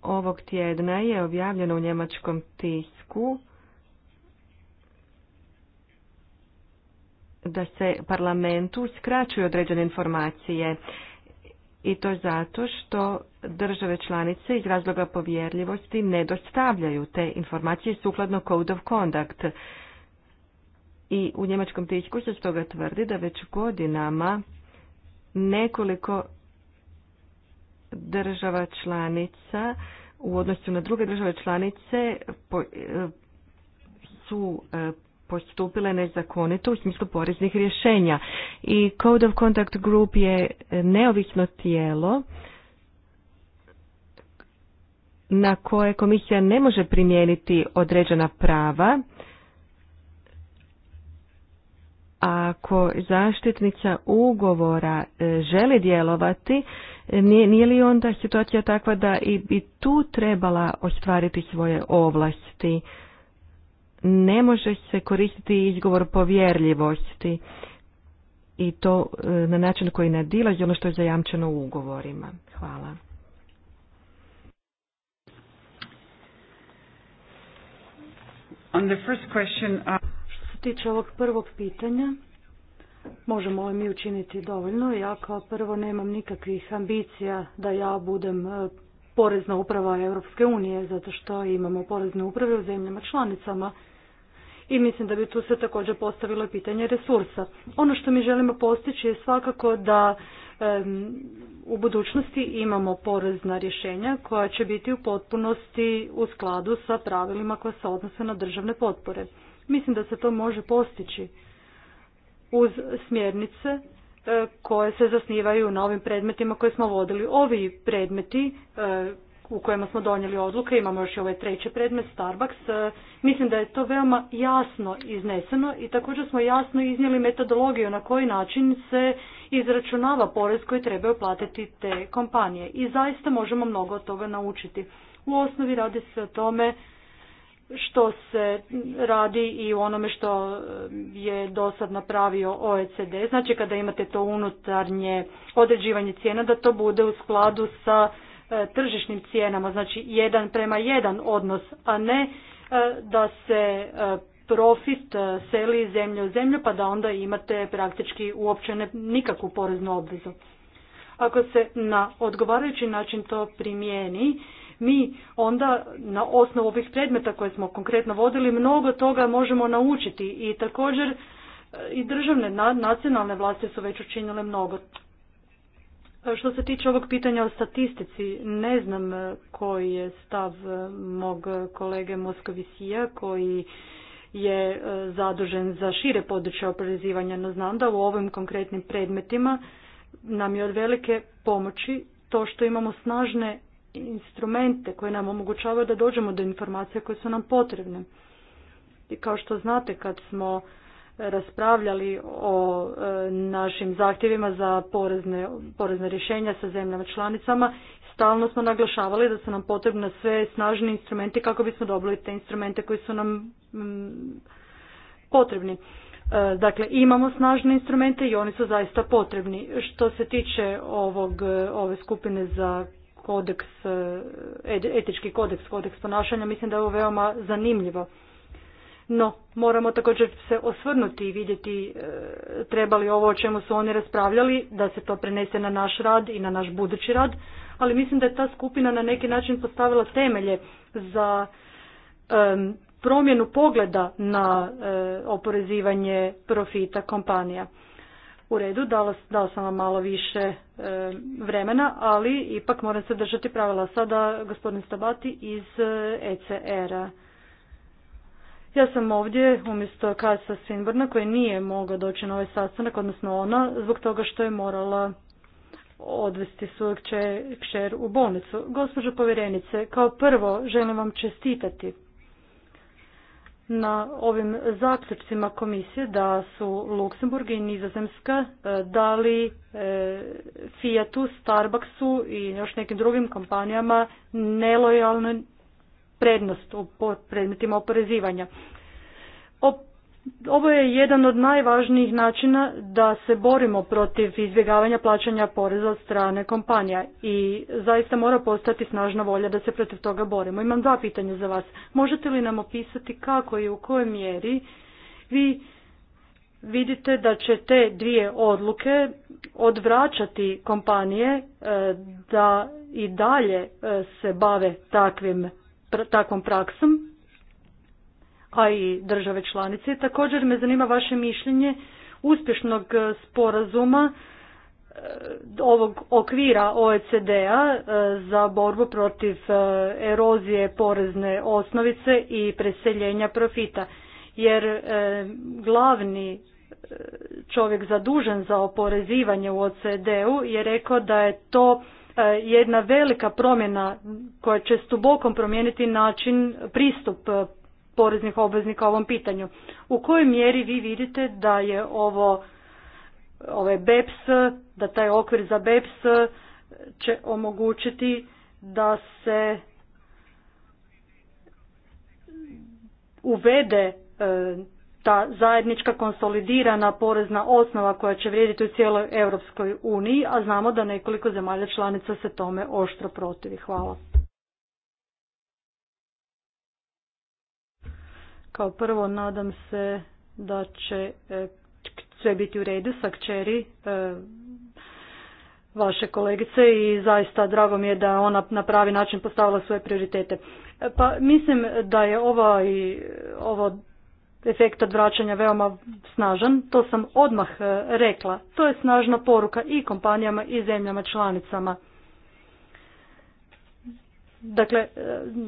S2: Ovog tjedna je objavljeno u njemačkom tisku da se parlamentu skraćuju određene informacije i to zato što države članice iz razloga povjerljivosti ne dostavljaju te informacije sukladno Code of Conduct. I u njemačkom tisku se stoga tvrdi da već godinama nekoliko država članica u odnosu na druge države članice e, su e, postupile nezakonito u smislu poreznih rješenja. I Code of Contact Group je neovisno tijelo na koje komisija ne može primijeniti određena prava ako zaštitnica ugovora e, želi djelovati, nije, li onda situacija takva da i bi tu trebala ostvariti svoje ovlasti? ne može se koristiti izgovor povjerljivosti i to e, na način koji nadilazi ono što je zajamčeno u ugovorima. Hvala.
S1: Uh,
S3: što se tiče ovog prvog pitanja, možemo li mi učiniti dovoljno? Ja kao prvo nemam nikakvih ambicija da ja budem e, porezna uprava Europske unije, zato što imamo porezne uprave u zemljama članicama i mislim da bi tu se također postavilo pitanje resursa. Ono što mi želimo postići je svakako da u budućnosti imamo porezna rješenja koja će biti u potpunosti u skladu sa pravilima koja se odnose na državne potpore. Mislim da se to može postići uz smjernice e, koje se zasnivaju na ovim predmetima koje smo vodili. Ovi predmeti e, u kojima smo donijeli odluke, imamo još i ovaj treći predmet, Starbucks. E, mislim da je to veoma jasno izneseno i također smo jasno iznijeli metodologiju na koji način se izračunava porez koji trebaju platiti te kompanije. I zaista možemo mnogo od toga naučiti. U osnovi radi se o tome što se radi i u onome što je dosad napravio OECD. Znači kada imate to unutarnje određivanje cijena da to bude u skladu sa E, tržišnim cijenama, znači jedan prema jedan odnos, a ne e, da se e, profit seli zemlje u zemlju pa da onda imate praktički uopće nikakvu poreznu obvezu. Ako se na odgovarajući način to primijeni, mi onda na osnovu ovih predmeta koje smo konkretno vodili mnogo toga možemo naučiti i također i državne nacionalne vlasti su već učinile mnogo što se tiče ovog pitanja o statistici, ne znam e, koji je stav e, mog kolege Moskovisija koji je e, zadužen za šire područje oporezivanja, no znam da u ovim konkretnim predmetima nam je od velike pomoći to što imamo snažne instrumente koje nam omogućavaju da dođemo do informacija koje su nam potrebne. I kao što znate kad smo raspravljali o e, našim zahtjevima za porezne, porezne rješenja sa zemljama članicama, stalno smo naglašavali da su nam potrebne sve snažni instrumenti kako bismo dobili te instrumente koji su nam mm, potrebni. E, dakle, imamo snažne instrumente i oni su zaista potrebni. Što se tiče ovog, ove skupine za kodeks, e, etički kodeks, kodeks ponašanja, mislim da je ovo veoma zanimljivo. No, moramo također se osvrnuti i vidjeti e, treba li ovo o čemu su oni raspravljali, da se to prenese na naš rad i na naš budući rad, ali mislim da je ta skupina na neki način postavila temelje za promjenu pogleda na e, oporezivanje profita kompanija. U redu, dao sam vam malo više e, vremena, ali ipak moram se držati pravila. Sada gospodin Stabati iz ECR-a. Ja sam ovdje umjesto Kasa Svinborna koji nije mogao doći na ovaj sastanak, odnosno ona, zbog toga što je morala odvesti svog kćer u bolnicu. Gospođo povjerenice, kao prvo želim vam čestitati na ovim zaključcima komisije da su Luksemburg i Nizozemska e, dali e, Fiatu, Starbucksu i još nekim drugim kompanijama nelojalne prednost u predmetima oporezivanja. Ovo je jedan od najvažnijih načina da se borimo protiv izbjegavanja plaćanja poreza od strane kompanija i zaista mora postati snažna volja da se protiv toga borimo. Imam dva pitanja za vas. Možete li nam opisati kako i u kojoj mjeri vi vidite da će te dvije odluke odvraćati kompanije e, da i dalje e, se bave takvim takvom praksom, a i države članice. Također me zanima vaše mišljenje uspješnog e, sporazuma e, ovog okvira OECD-a e, za borbu protiv erozije porezne osnovice i preseljenja profita. Jer glavni čovjek zadužen za oporezivanje u OECD-u je rekao da je to E, jedna velika promjena koja će stubokom promijeniti način pristup e, poreznih obveznika ovom pitanju. U kojoj mjeri vi vidite da je ovo ovaj BEPS, da taj okvir za BEPS će omogućiti da se uvede e, ta zajednička konsolidirana porezna osnova koja će vrijediti u cijeloj Europskoj uniji, a znamo da nekoliko zemalja članica se tome oštro protivi. Hvala. Kao prvo nadam se da će e, sve biti u redu sa kćeri e, vaše kolegice i zaista drago mi je da ona na pravi način postavila svoje prioritete. E, pa mislim da je ovaj, ovo, i, ovo efekt odvraćanja veoma snažan, to sam odmah e, rekla. To je snažna poruka i kompanijama i zemljama članicama. Dakle, e,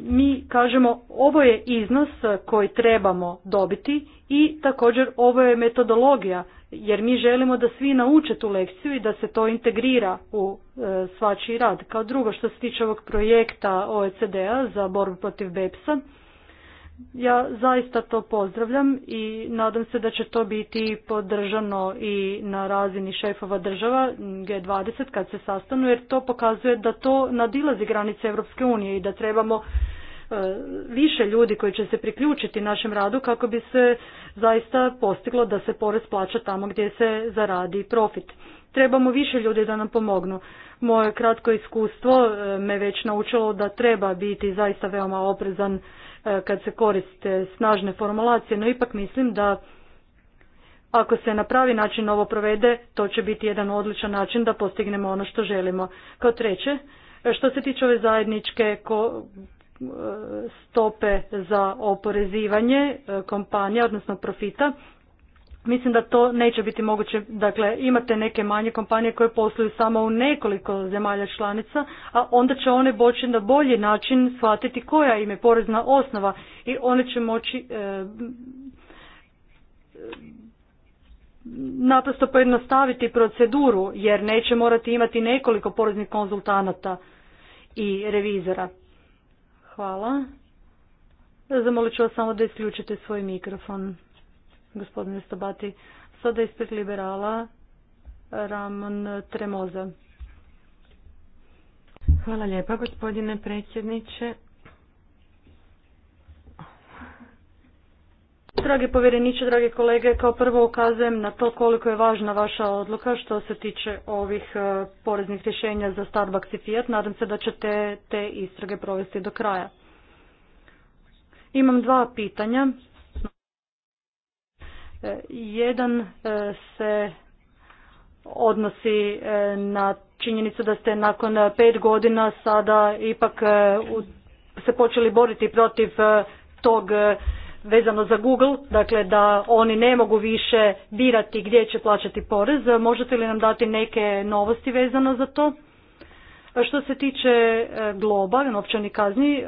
S3: mi kažemo ovo je iznos e, koji trebamo dobiti i također ovo je metodologija jer mi želimo da svi nauče tu lekciju i da se to integrira u svačiji rad. Kao drugo što se tiče ovog projekta OECD-a za borbu protiv BEPS-a, ja zaista to pozdravljam i nadam se da će to biti podržano i na razini šefova država G20 kad se sastanu jer to pokazuje da to nadilazi granice Europske unije i da trebamo e, više ljudi koji će se priključiti našem radu kako bi se zaista postiglo da se porez plaća tamo gdje se zaradi profit. Trebamo više ljudi da nam pomognu. Moje kratko iskustvo e, me već naučilo da treba biti zaista veoma oprezan E, kad se koriste snažne formulacije, no ipak mislim da ako se na pravi način ovo provede, to će biti jedan odličan način da postignemo ono što želimo. Kao treće, što se tiče ove zajedničke e, stope za oporezivanje e, kompanija, odnosno profita, Mislim da to neće biti moguće. Dakle, imate neke manje kompanije koje posluju samo u nekoliko zemalja članica, a onda će one boći na bolji način shvatiti koja im je porezna osnova i one će moći e, naprosto pojednostaviti proceduru jer neće morati imati nekoliko poreznih konzultanata i revizora. Hvala. Zamolit ću vas samo da isključite svoj mikrofon gospodine Stobati. Sada ispred liberala Ramon Tremoza. Hvala lijepa gospodine predsjedniče. Dragi povjereniče, dragi kolege, kao prvo ukazujem na to koliko je važna vaša odluka što se tiče ovih e, poreznih rješenja za Starbucks i Fiat. Nadam se da ćete te istrage provesti do kraja. Imam dva pitanja. Jedan e, se odnosi e, na činjenicu da ste nakon e, pet godina sada ipak se počeli boriti protiv tog vezano za Google, dakle da oni ne mogu više birati gdje će plaćati porez. Možete li nam dati neke novosti vezano za to? Što se tiče e, globa, novčani kazni, e,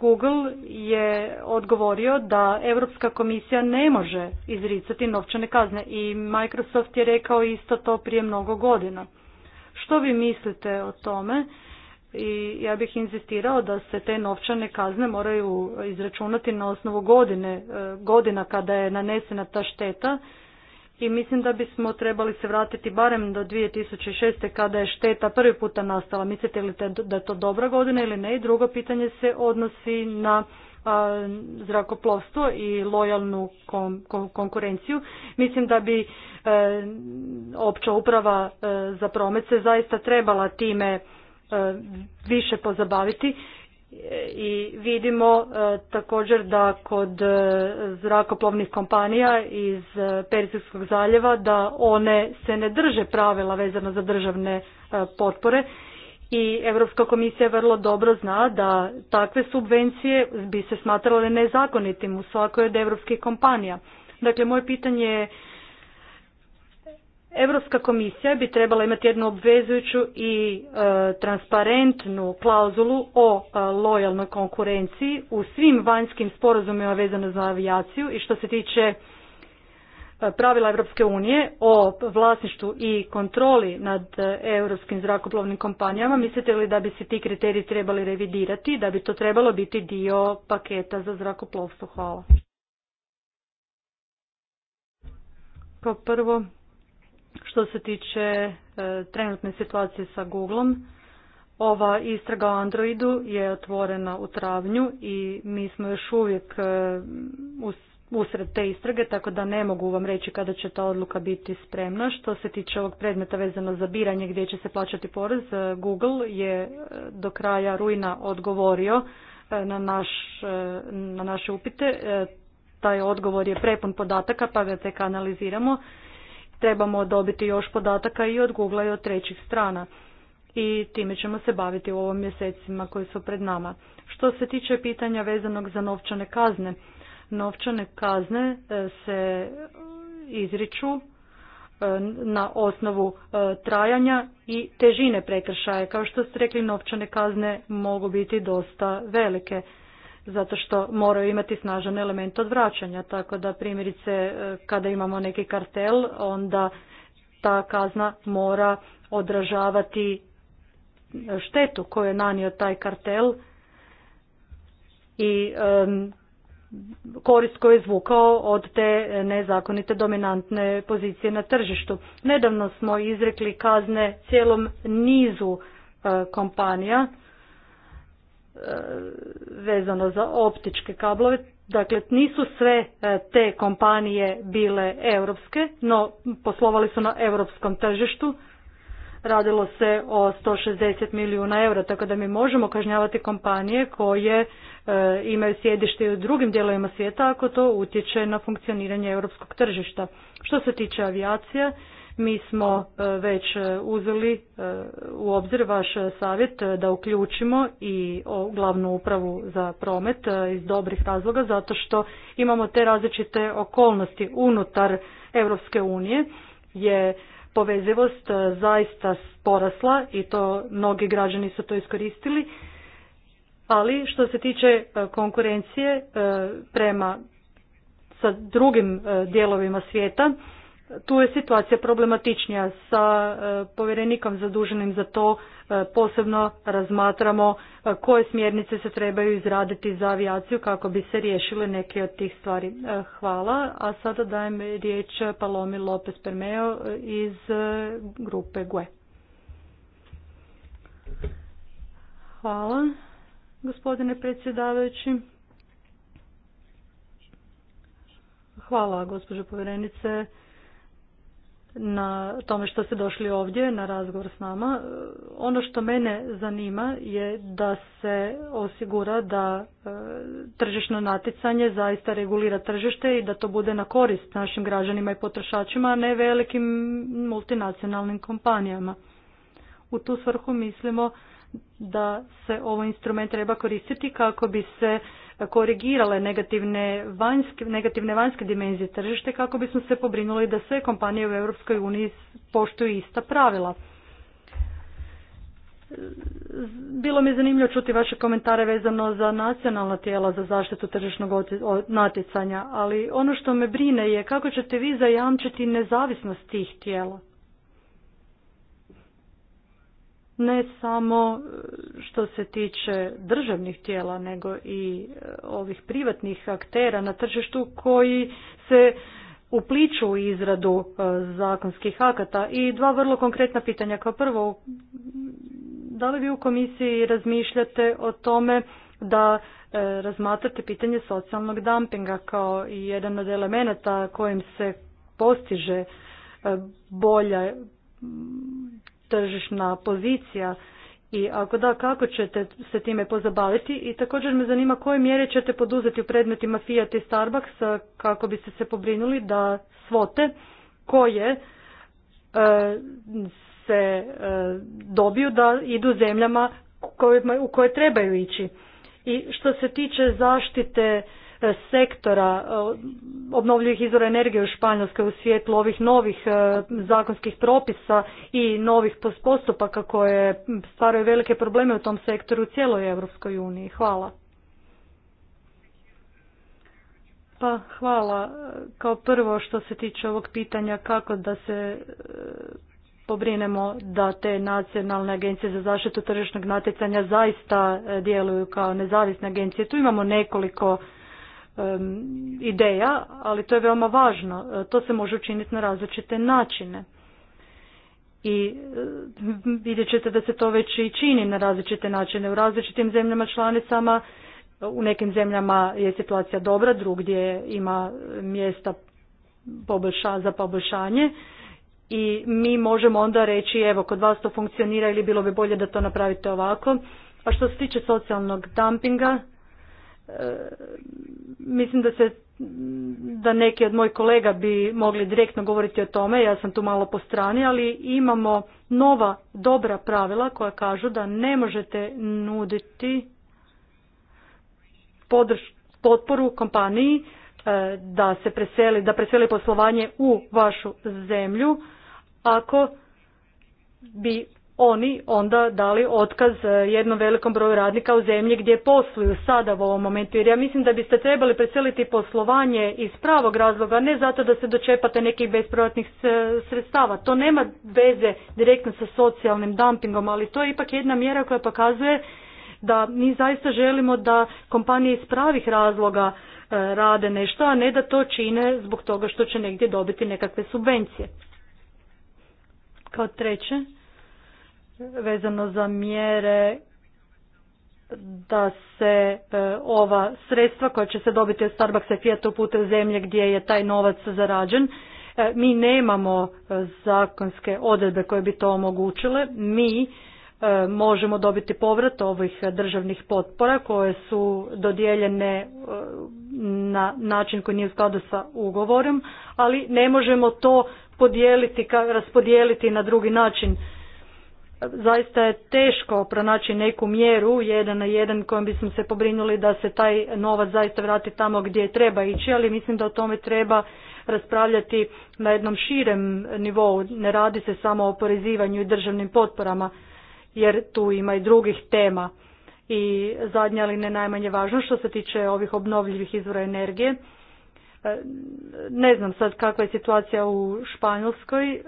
S3: Google je odgovorio da Europska komisija ne može izricati novčane kazne i Microsoft je rekao isto to prije mnogo godina. Što vi mislite o tome? i ja bih inzistirao da se te novčane kazne moraju izračunati na osnovu godine, e, godina kada je nanesena ta šteta i mislim da bismo trebali se vratiti barem do 2006. kada je šteta prvi puta nastala. Mislite li da je to dobra godina ili ne? I drugo pitanje se odnosi na zrakoplovstvo i lojalnu konkurenciju. Mislim da bi e, opća uprava e, za promet se zaista trebala time e, više pozabaviti i vidimo e, također da kod e, zrakoplovnih kompanija iz e, Persijskog zaljeva da one se ne drže pravila vezano za državne potpore i Europska komisija vrlo dobro zna da takve subvencije bi se smatrale nezakonitim u svakoj od europskih kompanija. Dakle, moje pitanje je Europska komisija bi trebala imati jednu obvezujuću i e, transparentnu klauzulu o e, lojalnoj konkurenciji u svim vanjskim sporazumima vezano za avijaciju i što se tiče e, pravila Europske unije o vlasništvu i kontroli nad e, europskim zrakoplovnim kompanijama, mislite li da bi se ti kriteriji trebali revidirati, da bi to trebalo biti dio paketa za zrakoplovstvo? Hvala. Kao prvo, što se tiče e, trenutne situacije sa Googlom, ova istraga o Androidu je otvorena u travnju i mi smo još uvijek e, usred te istrage, tako da ne mogu vam reći kada će ta odluka biti spremna. Što se tiče ovog predmeta vezano za biranje gdje će se plaćati porez, e, Google je do kraja rujna odgovorio na, na naše upite. Taj odgovor je prepun podataka pa ga tek analiziramo Trebamo dobiti još podataka i od Google i od trećih strana i time ćemo se baviti u ovom mjesecima koji su pred nama. Što se tiče pitanja vezanog za novčane kazne, novčane kazne e, se e, izriču e, na osnovu trajanja i težine prekršaja. Kao što ste rekli, novčane kazne mogu biti dosta velike zato što moraju imati snažan element odvraćanja, tako da primjerice e, kada imamo neki kartel, onda ta kazna mora odražavati štetu koju je nanio taj kartel i korist koju je zvukao od te nezakonite dominantne pozicije na tržištu. Nedavno smo izrekli kazne cijelom nizu e, kompanija E, vezano za optičke kablove. Dakle, nisu sve e, te kompanije bile europske, no poslovali su na europskom tržištu. Radilo se o 160 milijuna eura, tako da mi možemo kažnjavati kompanije koje e, imaju sjedište u drugim dijelovima svijeta ako to utječe na funkcioniranje europskog tržišta. Što se tiče avijacije, mi smo e, već e, uzeli e, u obzir vaš savjet da uključimo i glavnu upravu za promet iz dobrih razloga zato što imamo te različite okolnosti unutar Europske unije je povezivost zaista porasla i to mnogi građani su to iskoristili. Ali što se tiče konkurencije prema sa drugim dijelovima svijeta, tu je situacija problematičnija sa e, povjerenikom zaduženim za to e, posebno razmatramo e, koje smjernice se trebaju izraditi za avijaciju kako bi se riješile neke od tih stvari. Hvala, a sada dajem riječ Palomi Lopez Permeo iz grupe GUE. Hvala, gospodine predsjedavajući. Hvala, gospođo povjerenice na tome što ste došli ovdje na razgovor s nama. E, ono što mene zanima je da se osigura da e, tržišno natjecanje zaista regulira tržište i da to bude na korist našim građanima i potrošačima, a ne velikim multinacionalnim kompanijama. U tu svrhu mislimo da se ovo ovaj instrument treba koristiti kako bi se korigirale negativne vanjske, negativne vanjske dimenzije tržište kako bismo se pobrinuli da sve kompanije u Europskoj uniji poštuju ista pravila. Bilo mi je zanimljivo čuti vaše komentare vezano za nacionalna tijela za zaštitu tržišnog natjecanja, ali ono što me brine je kako ćete vi zajamčiti nezavisnost tih tijela. ne samo e, što se tiče državnih tijela nego i e, ovih privatnih aktera na tržištu koji se upliču u izradu e, zakonskih akata. I dva vrlo konkretna pitanja. Kao prvo, da li vi u komisiji razmišljate o tome da razmatrate pitanje socijalnog dumpinga kao i jedan od elemenata kojim se postiže bolja tržišna pozicija i ako da, kako ćete se time pozabaviti i također me zanima koje mjere ćete poduzeti u predmetima Fiat i Starbucks kako biste se pobrinuli da svote koje e, se e, dobiju da idu zemljama u koje trebaju ići. I što se tiče zaštite sektora e, obnovljivih izvora energije u Španjolskoj u svijetlu ovih novih e, zakonskih propisa i novih postupaka koje stvaraju velike probleme u tom sektoru u cijeloj Europskoj uniji. Hvala. Pa hvala. Kao prvo što se tiče ovog pitanja kako da se e, pobrinemo da te nacionalne agencije za zaštitu tržišnog natjecanja zaista djeluju kao nezavisne agencije. Tu imamo nekoliko ideja, ali to je veoma važno. E, to se može učiniti na različite načine. I e, vidjet ćete da se to već i čini na različite načine. U različitim zemljama članicama, u nekim zemljama je situacija dobra, drugdje ima mjesta poboljša, za poboljšanje i mi možemo onda reći evo kod vas to funkcionira ili bilo bi bolje da to napravite ovako. A što se tiče socijalnog dumpinga, E, mislim da se da neki od mojih kolega bi mogli direktno govoriti o tome, ja sam tu malo po strani, ali imamo nova dobra pravila koja kažu da ne možete nuditi potporu kompaniji e, da se preseli, da preseli poslovanje u vašu zemlju ako bi oni onda dali otkaz e, jednom velikom broju radnika u zemlji gdje posluju sada u ovom momentu. Jer ja mislim da biste trebali preseliti poslovanje iz pravog razloga, ne zato da se dočepate nekih bespovratnih e, sredstava. To nema veze direktno sa socijalnim dumpingom, ali to je ipak jedna mjera koja pokazuje da mi zaista želimo da kompanije iz pravih razloga e, rade nešto, a ne da to čine zbog toga što će negdje dobiti nekakve subvencije. Kao treće, vezano za mjere da se e, ova sredstva koja će se dobiti od Starbucksa i Fiat zemlje gdje je taj novac zarađen. E, mi nemamo e, zakonske odredbe koje bi to omogućile. Mi možemo dobiti povrat ovih državnih potpora koje su dodijeljene na način koji nije u skladu sa ugovorom, ali ne možemo to podijeliti, raspodijeliti na drugi način zaista je teško pronaći neku mjeru jedan na jedan kojom bismo se pobrinuli da se taj novac zaista vrati tamo gdje treba ići, ali mislim da o tome treba raspravljati na jednom širem nivou. Ne radi se samo o porezivanju i državnim potporama, jer tu ima i drugih tema. I zadnja, ali ne najmanje važno što se tiče ovih obnovljivih izvora energije, E, ne znam sad kakva je situacija u Španjolskoj, e,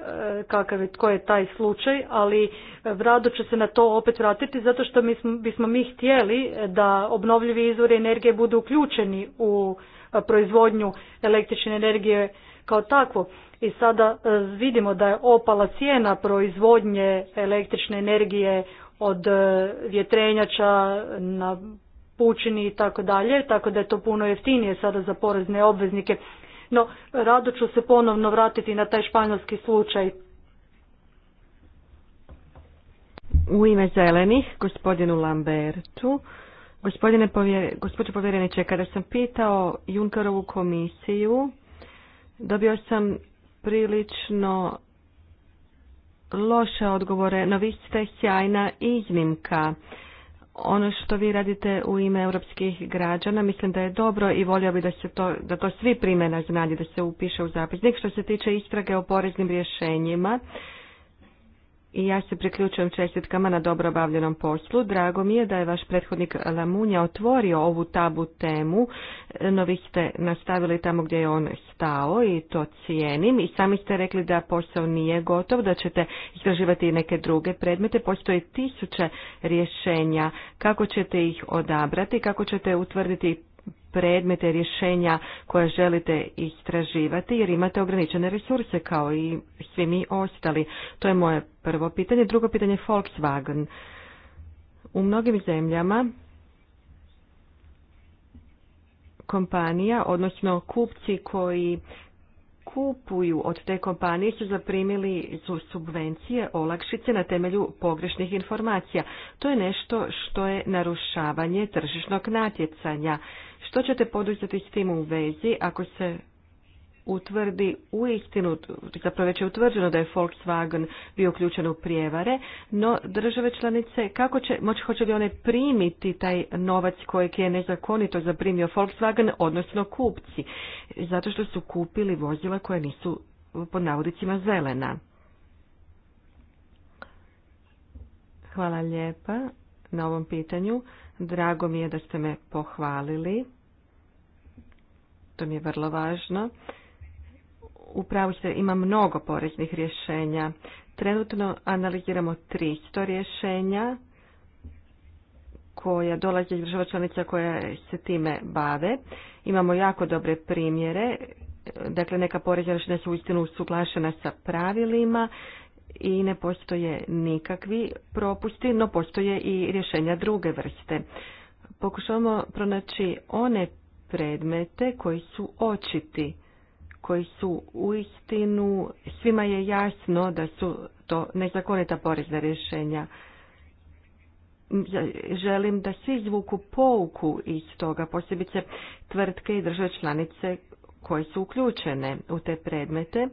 S3: kakav je, tko je taj slučaj, ali rado će se na to opet vratiti zato što mi bismo mi htjeli da obnovljivi izvori energije budu uključeni u e, proizvodnju električne energije kao takvu. I sada vidimo da je opala cijena proizvodnje električne energije od vjetrenjača na učini i tako dalje, tako da je to puno jeftinije sada za porezne obveznike. No, rado ću se ponovno vratiti na taj španjolski slučaj.
S2: U ime zelenih, gospodinu Lambertu, gospodine povjer, povjereniče, kada sam pitao Junkerovu komisiju, dobio sam prilično loše odgovore, no vi ste sjajna iznimka ono što vi radite u ime europskih građana. Mislim da je dobro i volio bi da, se to, da to svi primjena na znanje, da se upiše u zapisnik. Što se tiče istrage o poreznim rješenjima, i ja se priključujem čestitkama na dobro obavljenom poslu. Drago mi je da je vaš prethodnik Lamunja otvorio ovu tabu temu, no vi ste nastavili tamo gdje je on stao i to cijenim. I sami ste rekli da posao nije gotov, da ćete istraživati i neke druge predmete. Postoje tisuće rješenja. Kako ćete ih odabrati, kako ćete utvrditi predmete, rješenja koje želite istraživati jer imate ograničene resurse kao i svi mi ostali. To je moje prvo pitanje. Drugo pitanje Volkswagen. U mnogim zemljama kompanija, odnosno kupci koji kupuju od te kompanije su zaprimili su subvencije, olakšice na temelju pogrešnih informacija. To je nešto što je narušavanje tržišnog natjecanja. Što ćete poduzeti s tim u vezi ako se utvrdi uistinu, zapravo već je utvrđeno da je Volkswagen bio uključen u prijevare, no države članice, kako će, moći hoće li one primiti taj novac kojeg je nezakonito zaprimio Volkswagen, odnosno kupci, zato što su kupili vozila koja nisu pod navodicima zelena. Hvala lijepa na ovom pitanju. Drago mi je da ste me pohvalili. To mi je vrlo važno. Upravo se ima mnogo poreznih rješenja. Trenutno analiziramo 300 rješenja koja dolaze iz država članica koja se time bave. Imamo jako dobre primjere. Dakle, neka porezna rješenja su uistinu usuglašena sa pravilima i ne postoje nikakvi propusti, no postoje i rješenja druge vrste. Pokušavamo pronaći one predmete koji su očiti koji su istinu, svima je jasno da su to nezakonita porezna rješenja. Želim da svi izvuku pouku iz toga, posebice tvrtke i države članice koje su uključene u te predmete.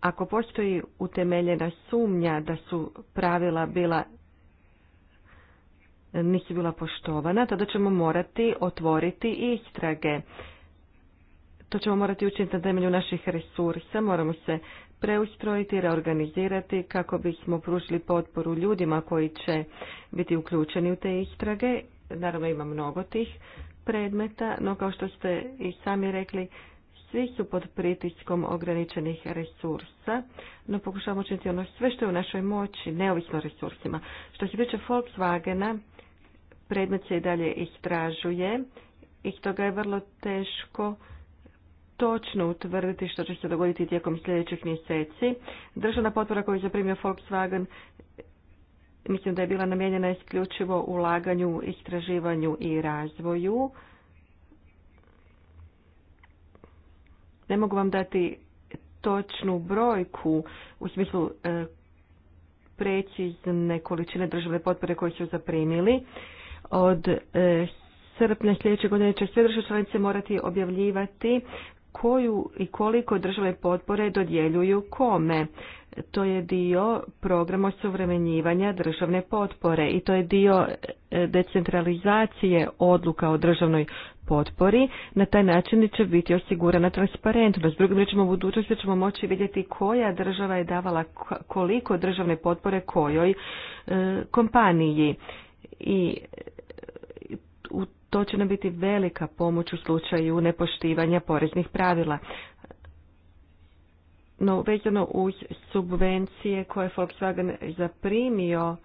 S2: Ako postoji utemeljena sumnja da su pravila bila nisu bila poštovana, tada ćemo morati otvoriti istrage. To ćemo morati učiniti na temelju naših resursa, moramo se preustrojiti, reorganizirati kako bismo pružili potporu ljudima koji će biti uključeni u te istrage. Naravno ima mnogo tih predmeta, no kao što ste i sami rekli, svi su pod pritiskom ograničenih resursa, no pokušavamo učiniti ono sve što je u našoj moći, neovisno resursima. Što se tiče Volkswagena, predmet se i dalje istražuje i toga je vrlo teško točno utvrditi što će se dogoditi tijekom sljedećih mjeseci. Državna potpora koju je zaprimio Volkswagen mislim da je bila namijenjena isključivo ulaganju, istraživanju i razvoju. Ne mogu vam dati točnu brojku u smislu e, precizne količine državne potpore koje su zaprimili. Od e, srpnja sljedećeg godine će sve države članice morati objavljivati koju i koliko države potpore dodjeljuju kome. To je dio programa suvremenjivanja državne potpore i to je dio e, decentralizacije odluka o državnoj potpori. Na taj način će biti osigurana transparentnost. Drugim rečima u budućnosti ćemo moći vidjeti koja država je davala koliko državne potpore kojoj e, kompaniji. I to će nam biti velika pomoć u slučaju nepoštivanja poreznih pravila. No, vezano uz subvencije koje je Volkswagen zaprimio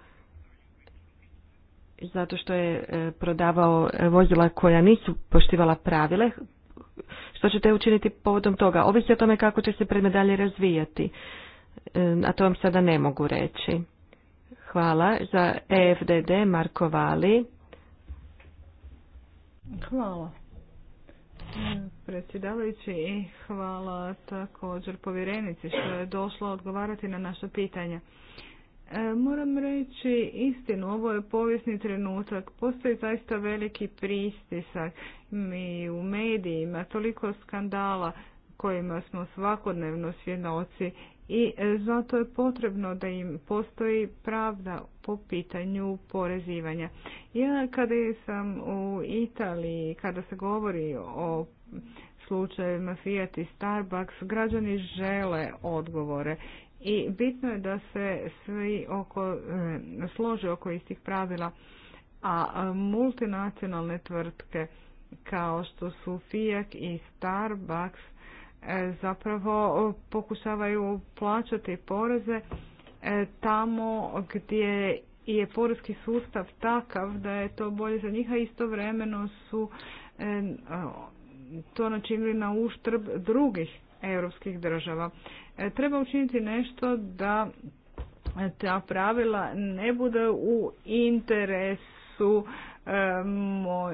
S2: zato što je e, prodavao vozila koja nisu poštivala pravile, što ćete učiniti povodom toga? Ovisi o tome kako će se predmet dalje razvijati, e, a to vam sada ne mogu reći. Hvala za EFDD Markovali.
S1: Hvala. Predsjedavajući i hvala također povjerenici što je došla odgovarati na naša pitanja. E, moram reći istinu, ovo je povijesni trenutak, postoji zaista veliki pristisak mi u medijima, toliko skandala kojima smo svakodnevno svjedoci i e, zato je potrebno da im postoji pravda po pitanju porezivanja. Ja kada sam u Italiji, kada se govori o slučajevima Fiat i Starbucks, građani žele odgovore i bitno je da se svi oko, e, slože oko istih pravila, a multinacionalne tvrtke kao što su Fiat i Starbucks E, zapravo pokušavaju plaćati poreze e, tamo gdje je poreski sustav takav da je to bolje za njih, a istovremeno su e, to načinili na uštrb drugih europskih država. Treba učiniti nešto da ta pravila ne bude u interesu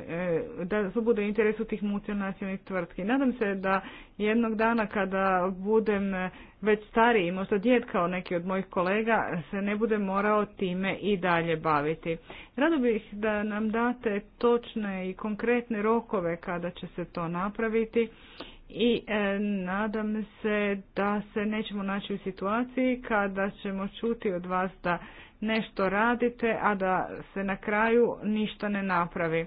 S1: E, e, da to bude interesu tih multinacionalnih tvrtki. Nadam se da jednog dana kada budem već stariji, možda djed kao neki od mojih kolega, se ne bude morao time i dalje baviti. Rado bih da nam date točne i konkretne rokove kada će se to napraviti i e, nadam se da se nećemo naći u situaciji kada ćemo čuti od vas da nešto radite, a da se na kraju ništa ne napravi.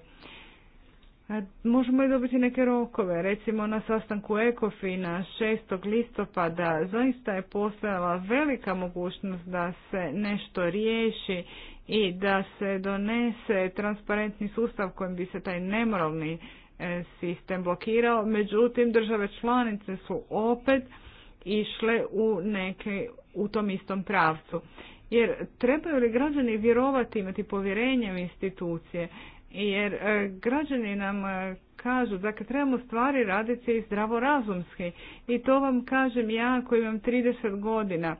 S1: E, možemo i dobiti neke rokove, recimo na sastanku Ekofina 6. listopada zaista je postojala velika mogućnost da se nešto riješi i da se donese transparentni sustav kojim bi se taj nemoralni e, sistem blokirao, međutim države članice su opet išle u neke u tom istom pravcu. Jer trebaju li građani vjerovati, imati povjerenje u institucije? Jer e, građani nam e, kažu da dakle, trebamo stvari raditi i zdravorazumski. I to vam kažem ja koji imam 30 godina,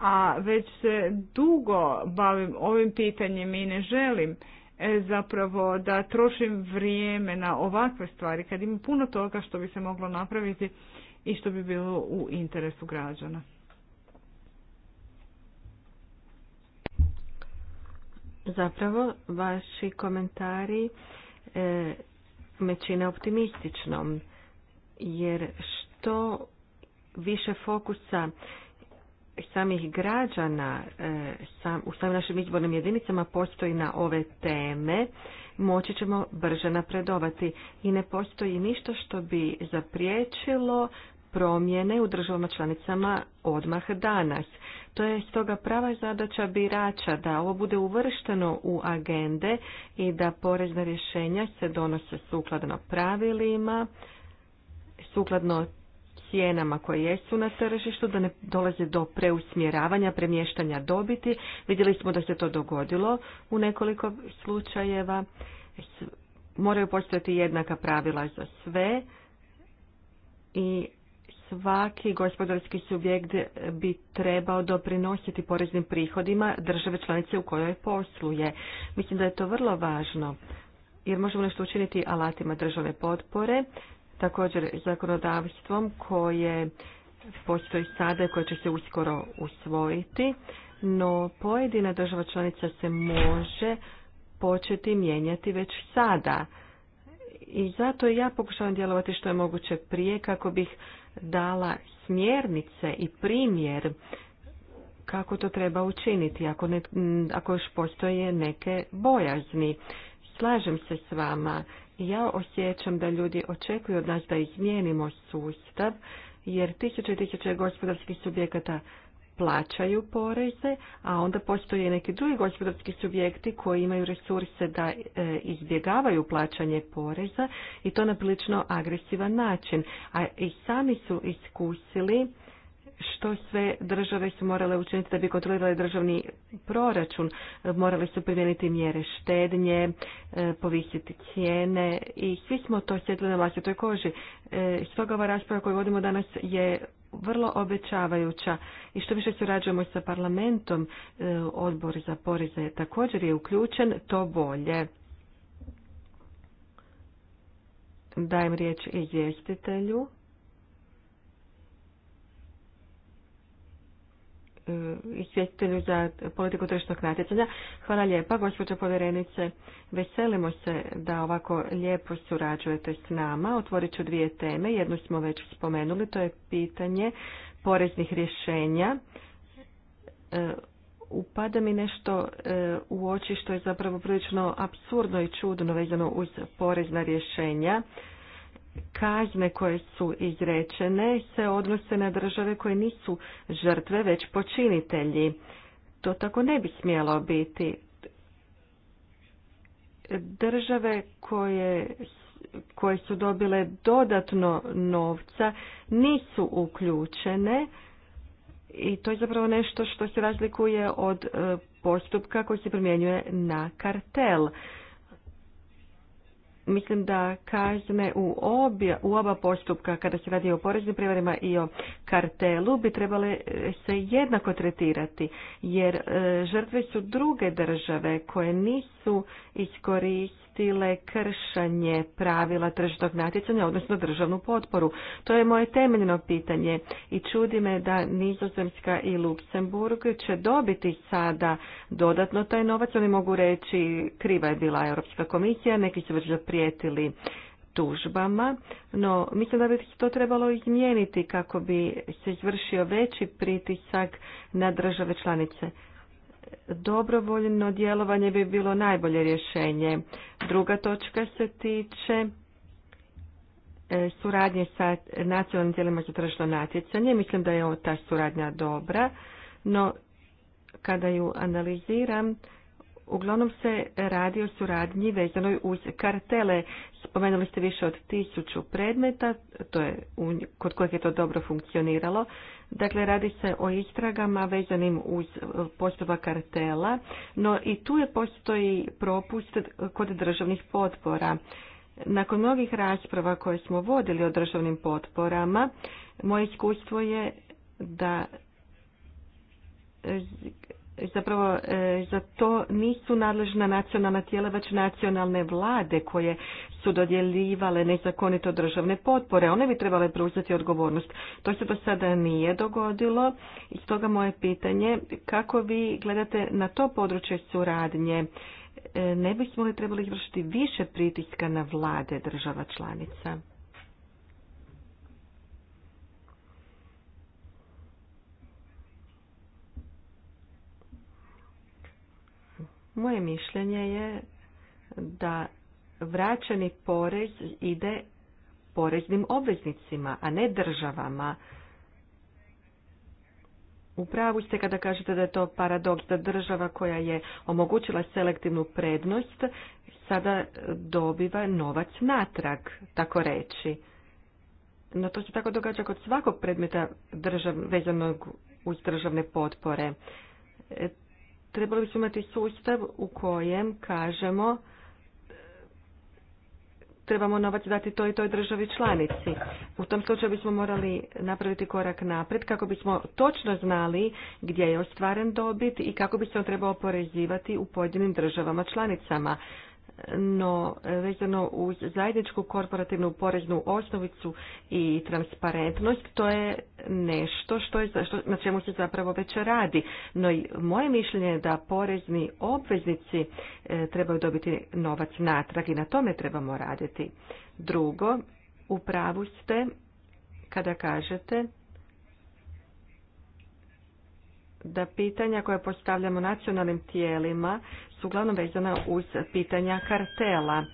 S1: a već se dugo bavim ovim pitanjem i ne želim e, zapravo da trošim vrijeme na ovakve stvari kad imam puno toga što bi se moglo napraviti i što bi bilo u interesu građana.
S2: Zapravo, vaši komentari e, me čine optimističnom, jer što više fokusa samih građana e, sam, u samim našim izbornim jedinicama postoji na ove teme, moći ćemo brže napredovati i ne postoji ništa što bi zapriječilo promjene u državama članicama odmah danas. To je stoga prava zadaća birača da ovo bude uvršteno u agende i da porezna rješenja se donose sukladno pravilima, sukladno cijenama koje jesu na tržištu, da ne dolaze do preusmjeravanja, premještanja dobiti. Vidjeli smo da se to dogodilo u nekoliko slučajeva. Moraju postojati jednaka pravila za sve i svaki gospodarski subjekt bi trebao doprinositi poreznim prihodima države članice u kojoj posluje. Mislim da je to vrlo važno jer možemo nešto učiniti alatima države potpore, također zakonodavstvom koje postoji sada i koje će se uskoro usvojiti, no pojedina država članica se može početi mijenjati već sada. I zato ja pokušavam djelovati što je moguće prije kako bih dala smjernice i primjer kako to treba učiniti ako, ne, ako još postoje neke bojazni. Slažem se s vama. Ja osjećam da ljudi očekuju od nas da izmijenimo sustav, jer tisuće i tisuće gospodarskih subjekata plaćaju poreze, a onda postoje neki drugi gospodarski subjekti koji imaju resurse da e, izbjegavaju plaćanje poreza i to na prilično agresivan način. A i sami su iskusili što sve države su morale učiniti da bi kontrolirale državni proračun. Morali su primijeniti mjere štednje, e, povisiti cijene i svi smo to sjedili na vlastitoj koži. E, stoga ova rasprava koju vodimo danas je vrlo obećavajuća i što više surađujemo sa parlamentom, e, odbor za poreze također je uključen, to bolje. Dajem riječ izvjestitelju. Eh, izvjestitelju za politiku tržišnog natjecanja. Hvala lijepa, gospođo povjerenice. Veselimo se da ovako lijepo surađujete s nama. Otvorit ću dvije teme. Jednu smo već spomenuli, to je pitanje poreznih rješenja. Eh, upada mi nešto eh, u oči što je zapravo prilično absurdno i čudno vezano uz porezna rješenja kazne koje su izrečene se odnose na države koje nisu žrtve, već počinitelji. To tako ne bi smjelo biti. Države koje, koje su dobile dodatno novca nisu uključene i to je zapravo nešto što se razlikuje od e, postupka koji se primjenjuje na kartel. Mislim da kazne u, u oba postupka, kada se radi o poreznim prijevarima i o kartelu bi trebale e, se jednako tretirati jer e, žrtve su druge države koje nisu iskoristile kršanje pravila tržišnog natjecanja, odnosno državnu potporu. To je moje temeljno pitanje i čudi me da Nizozemska i Luksemburg će dobiti sada dodatno taj novac. Oni mogu reći kriva je bila Europska komisija, neki su već zaprijetili tužbama, no mislim da bi to trebalo izmijeniti kako bi se izvršio veći pritisak na države članice. Dobrovoljno djelovanje bi bilo najbolje rješenje. Druga točka se tiče e, suradnje sa nacionalnim tijelima za tržno natjecanje. Mislim da je ta suradnja dobra, no kada ju analiziram, Uglavnom se radi o suradnji vezanoj uz kartele. Spomenuli ste više od tisuću predmeta, to je, kod kojih je to dobro funkcioniralo. Dakle, radi se o istragama vezanim uz postupak kartela, no i tu je postoji propust kod državnih potpora. Nakon mnogih rasprava koje smo vodili o državnim potporama, moje iskustvo je da zapravo e, za to nisu nadležna nacionalna tijela, već nacionalne vlade koje su dodjeljivale nezakonito državne potpore. One bi trebale preuzeti odgovornost. To se do sada nije dogodilo i stoga moje pitanje kako vi gledate na to područje suradnje? E, ne bismo li trebali izvršiti više pritiska na vlade država članica? Moje mišljenje je da vraćeni porez ide poreznim obveznicima, a ne državama. U pravu ste kada kažete da je to paradoks da država koja je omogućila selektivnu prednost sada dobiva novac natrag, tako reći. No to se tako događa kod svakog predmeta vezanog uz državne potpore. E, trebali smo imati sustav u kojem kažemo trebamo novac dati toj i toj državi članici. U tom slučaju bismo morali napraviti korak napred kako bismo točno znali gdje je ostvaren dobit i kako bi se on trebao oporezivati u pojedinim državama članicama no vezano uz zajedničku korporativnu poreznu osnovicu i transparentnost, to je nešto što je, što, na čemu se zapravo već radi. No i moje mišljenje je da porezni obveznici e, trebaju dobiti novac natrag i na tome trebamo raditi. Drugo, u pravu ste kada kažete da pitanja koja postavljamo nacionalnim tijelima su uglavnom vezana uz pitanja kartela.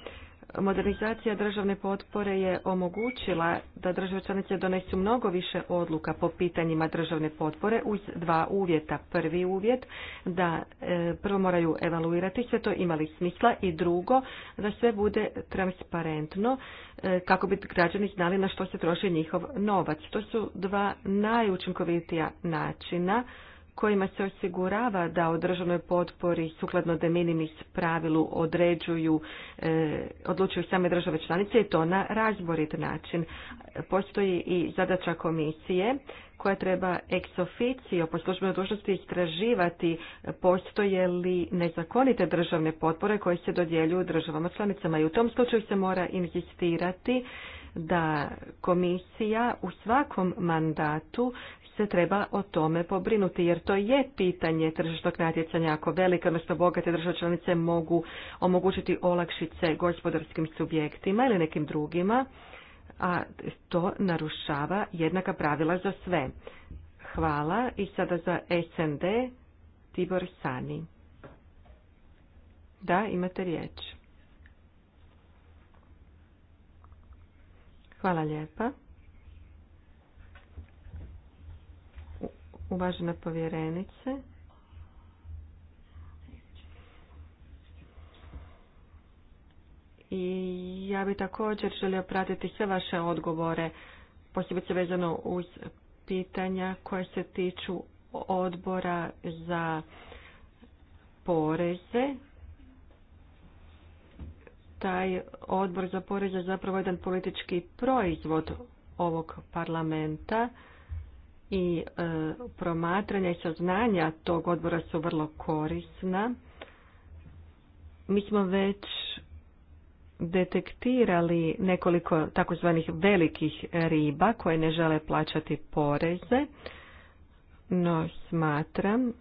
S2: Modernizacija državne potpore je omogućila da države članice donesu mnogo više odluka po pitanjima državne potpore uz dva uvjeta. Prvi uvjet da e, prvo moraju evaluirati sve to imali smisla i drugo da sve bude transparentno e, kako bi građani znali na što se troši njihov novac. To su dva najučinkovitija načina kojima se osigurava da o državnoj potpori sukladno de minimis pravilu određuju, e, odlučuju same države članice i to na razborit način. Postoji i zadaća komisije koja treba ex officio po službenoj dužnosti istraživati postoje li nezakonite državne potpore koje se dodjeljuju državama članicama i u tom slučaju se mora inzistirati da komisija u svakom mandatu se treba o tome pobrinuti, jer to je pitanje tržišnog natjecanja. Ako velike, odnosno bogate države članice mogu omogućiti olakšice gospodarskim subjektima ili nekim drugima, a to narušava jednaka pravila za sve. Hvala i sada za SND Tibor Sani. Da, imate riječ. Hvala lijepa. uvažena povjerenice. I ja bi također želio pratiti sve vaše odgovore, posebice vezano uz pitanja koje se tiču odbora za poreze. Taj odbor za poreze je zapravo jedan politički proizvod ovog parlamenta i e, promatranja i saznanja tog odbora su vrlo korisna. Mi smo već detektirali nekoliko takozvanih velikih riba koje ne žele plaćati poreze, no smatram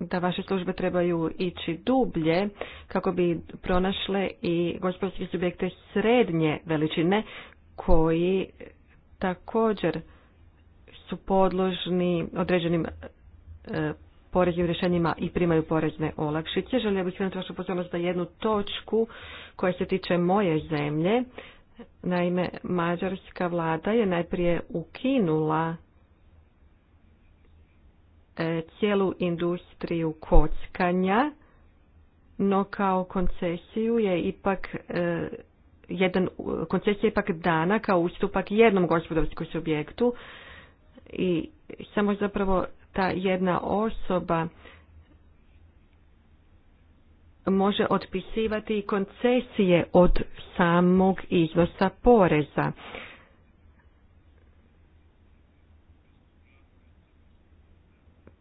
S2: da vaše službe trebaju ići dublje kako bi pronašle i gospodarske subjekte srednje veličine koji također su podložni određenim e, poreznim rješenjima i primaju porezne olakšice. Želio bih skrenuti vašu pozornost na jednu točku koja se tiče moje zemlje. Naime, mađarska vlada je najprije ukinula e, cijelu industriju kockanja, no kao koncesiju je ipak e, jedan, koncesija je ipak dana kao ustupak jednom gospodarskom subjektu, i samo zapravo ta jedna osoba može otpisivati i koncesije od samog iznosa poreza.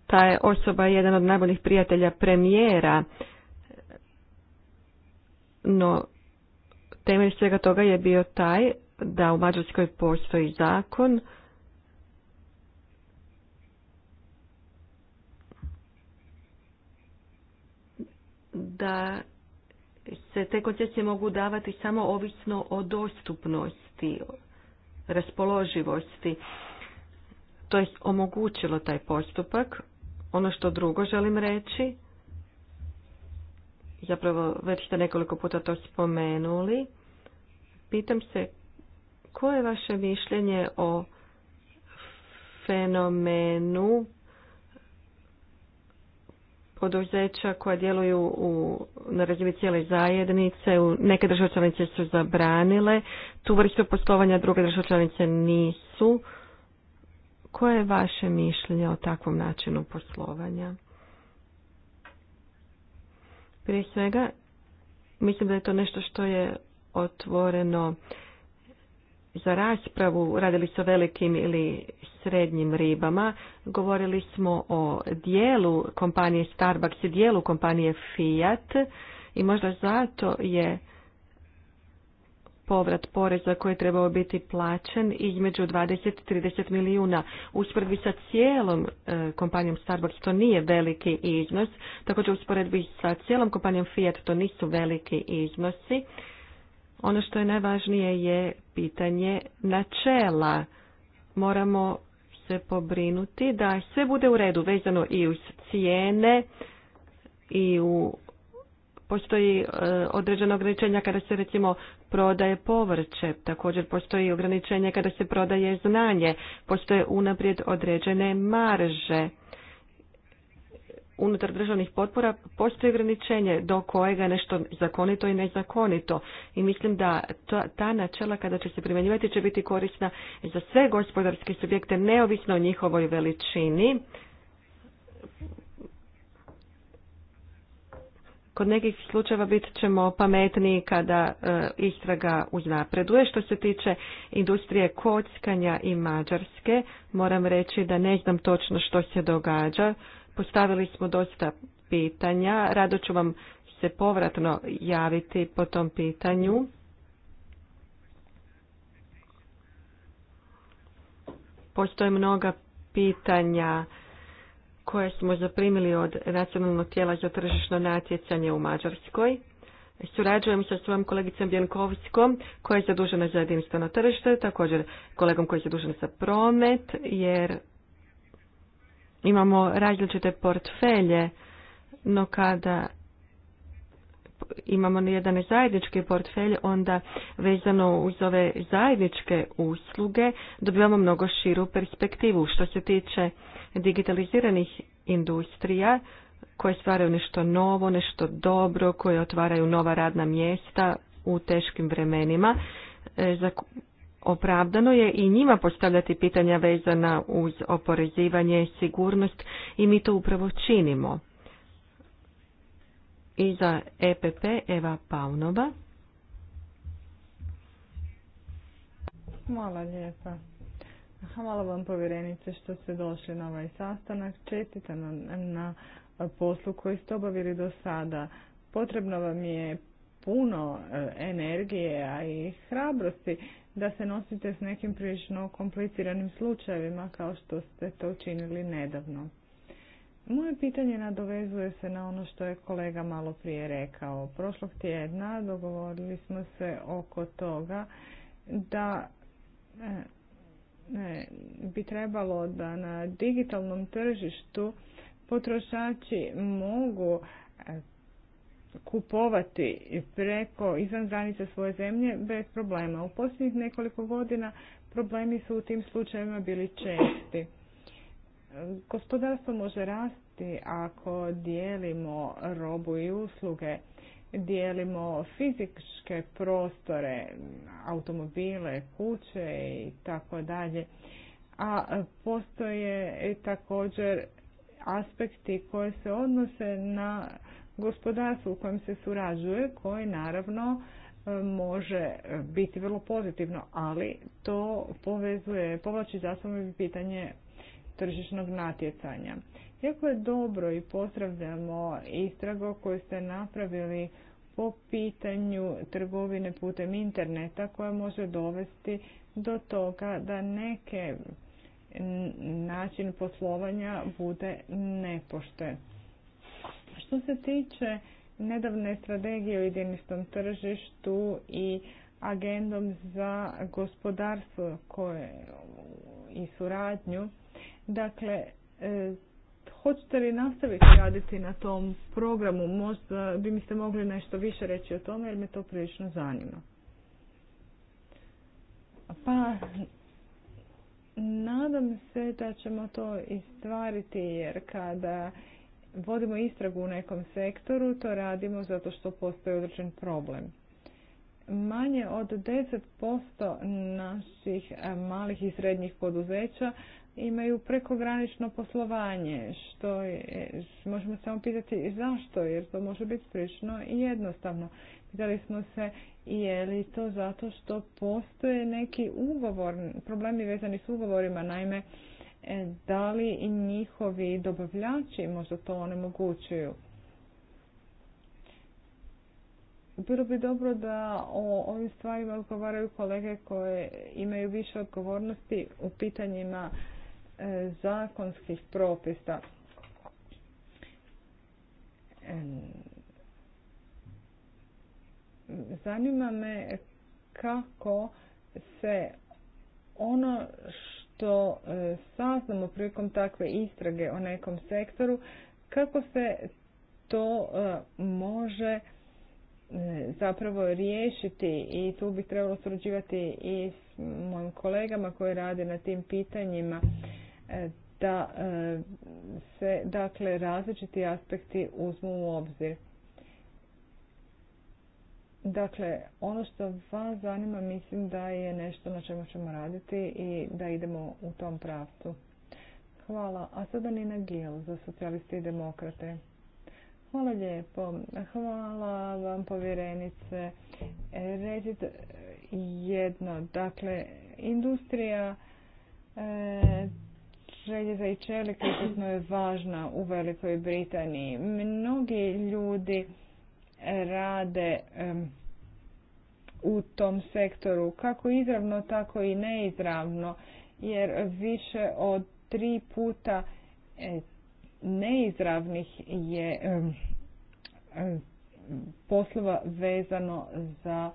S2: Ta je osoba jedan od najboljih prijatelja premijera, no temelj svega toga je bio taj da u Mađarskoj postoji zakon da se te koncesije mogu davati samo ovisno o dostupnosti, raspoloživosti. To je omogućilo taj postupak. Ono što drugo želim reći, zapravo već ste nekoliko puta to spomenuli, pitam se koje je vaše mišljenje o fenomenu poduzeća koja djeluju u, na razini cijele zajednice, u, neke države članice su zabranile tu vrstu poslovanja, druge države članice nisu. Koje je vaše mišljenje o takvom načinu poslovanja? Prije svega, mislim da je to nešto što je otvoreno za raspravu, radili su o velikim ili srednjim ribama, govorili smo o dijelu kompanije Starbucks i dijelu kompanije Fiat i možda zato je povrat poreza koji je trebao biti plaćen između 20 i 30 milijuna. Usporedbi sa cijelom e, kompanijom Starbucks to nije veliki iznos, također usporedbi sa cijelom kompanijom Fiat to nisu veliki iznosi. Ono što je najvažnije je pitanje načela. Moramo se pobrinuti da sve bude u redu vezano i uz cijene i u postoji e, određeno ograničenja kada se recimo prodaje povrće, također postoji ograničenje kada se prodaje znanje, postoje unaprijed određene marže unutar državnih potpora postoji ograničenje do kojega je nešto zakonito i nezakonito. I mislim da ta, ta načela kada će se primjenjivati će biti korisna za sve gospodarske subjekte neovisno o njihovoj veličini. Kod nekih slučajeva bit ćemo pametniji kada e, istraga uznapreduje. Što se tiče industrije kockanja i Mađarske, moram reći da ne znam točno što se događa. Postavili smo dosta pitanja. Rado ću vam se povratno javiti po tom pitanju. Postoje mnoga pitanja koje smo zaprimili od Nacionalnog tijela za tržišno natjecanje u Mađarskoj. Surađujem sa svojom kolegicom Bjelkovskom koja je zadužena za jedinstveno tržište, također kolegom koji je zadužen za promet, jer imamo različite portfelje, no kada imamo jedan zajednički portfelj, onda vezano uz ove zajedničke usluge dobivamo mnogo širu perspektivu. Što se tiče digitaliziranih industrija koje stvaraju nešto novo, nešto dobro, koje otvaraju nova radna mjesta u teškim vremenima, e, za opravdano je i njima postavljati pitanja vezana uz oporezivanje, sigurnost i mi to upravo činimo. I za EPP Eva Paunova.
S1: Hvala lijepa. Hvala vam povjerenice što ste došli na ovaj sastanak. Čestitam na, na poslu koji ste obavili do sada. Potrebno vam je puno e, energije, a i hrabrosti da se nosite s nekim prilično kompliciranim slučajevima kao što ste to učinili nedavno. Moje pitanje nadovezuje se na ono što je kolega malo prije rekao. Prošlog tjedna dogovorili smo se oko toga da e, e, bi trebalo da na digitalnom tržištu potrošači mogu e, kupovati preko izvan granica svoje zemlje bez problema. U posljednjih nekoliko godina problemi su u tim slučajevima bili česti. Gospodarstvo može rasti ako dijelimo robu i usluge, dijelimo fizičke prostore, automobile, kuće i tako dalje. A postoje također aspekti koje se odnose na gospodarstvu u kojem se surađuje, koje naravno e, može biti vrlo pozitivno, ali to povezuje, povlači za sobom pitanje tržišnog natjecanja. Jako je dobro i pozdravljamo istrago koju ste napravili po pitanju trgovine putem interneta koja može dovesti do toga da neke način poslovanja bude nepoštene. Što se tiče nedavne strategije o jedinistom tržištu i agendom za gospodarstvo koje i suradnju. Dakle, e, hoćete li nastaviti raditi na tom programu? Možda bi mi ste mogli nešto više reći o tome jer me to prilično zanima. Pa, nadam se da ćemo to istvariti jer kada vodimo istragu u nekom sektoru, to radimo zato što postoji određen problem. Manje od 10% naših e, malih i srednjih poduzeća imaju prekogranično poslovanje, što možemo samo pitati zašto, jer to može biti i jednostavno. Pitali smo se je li to zato što postoje neki ugovor, problemi vezani s ugovorima, naime, E, da li i njihovi dobavljači možda to onemogućuju. Bilo bi dobro da o ovim stvarima odgovaraju kolege koje imaju više odgovornosti u pitanjima e, zakonskih propisa. E, zanima me kako se ono što e, saznamo prilikom takve istrage o nekom sektoru, kako se to e, može e, zapravo riješiti i tu bi trebalo surađivati i s mojim kolegama koji rade na tim pitanjima da se dakle različiti aspekti uzmu u obzir. Dakle, ono što vas zanima mislim da je nešto na čemu ćemo raditi i da idemo u tom pravcu. Hvala. A sada Nina Gil za socijaliste i demokrate. Hvala lijepo. Hvala vam povjerenice. E, recite jedno. Dakle, industrija e, željeza i čelika je važna u Velikoj Britaniji. Mnogi ljudi rade u tom sektoru, kako izravno, tako i neizravno, jer više od tri puta e, neizravnih je poslova vezano za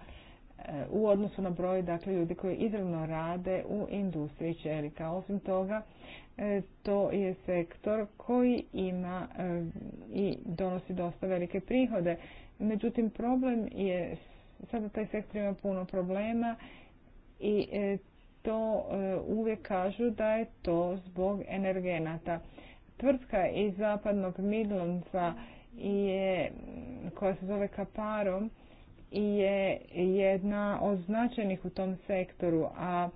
S1: e, u odnosu na broj dakle, ljudi koji izravno rade u industriji čelika. Osim toga, e, to je sektor koji ima i donosi dosta velike prihode. Međutim, problem je sada taj sektor ima puno problema i e, to e, uvijek kažu da je to zbog energenata. Tvrtka iz zapadnog Midlandsa je, koja se zove Kaparom je jedna od značajnih u tom sektoru, a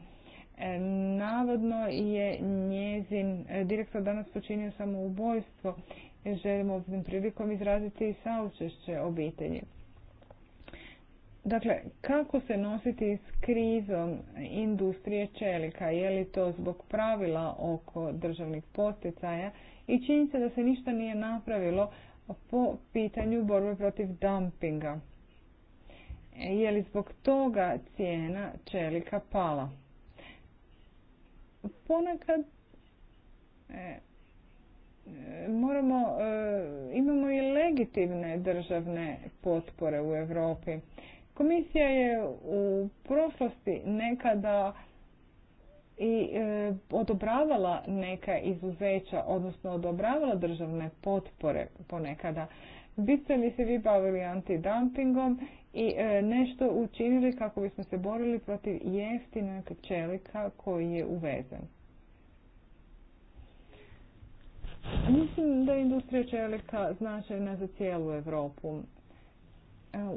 S1: e, navodno je njezin direktor danas počinio samoubojstvo. Želimo ovim prilikom izraziti i saučešće obitelji. Dakle, kako se nositi s krizom industrije čelika? Je li to zbog pravila oko državnih poticaja i se da se ništa nije napravilo po pitanju borbe protiv dumpinga? Je li zbog toga cijena čelika pala? Ponekad e, moramo, e, imamo i legitimne državne potpore u Europi Komisija je u prošlosti nekada i e, odobravala neka izuzeća, odnosno odobravala državne potpore ponekada. Biste li se vi bavili antidumpingom i e, nešto učinili kako bismo se borili protiv jeftinog čelika koji je uvezen? Mislim da je industrija čelika značajna za cijelu Europu,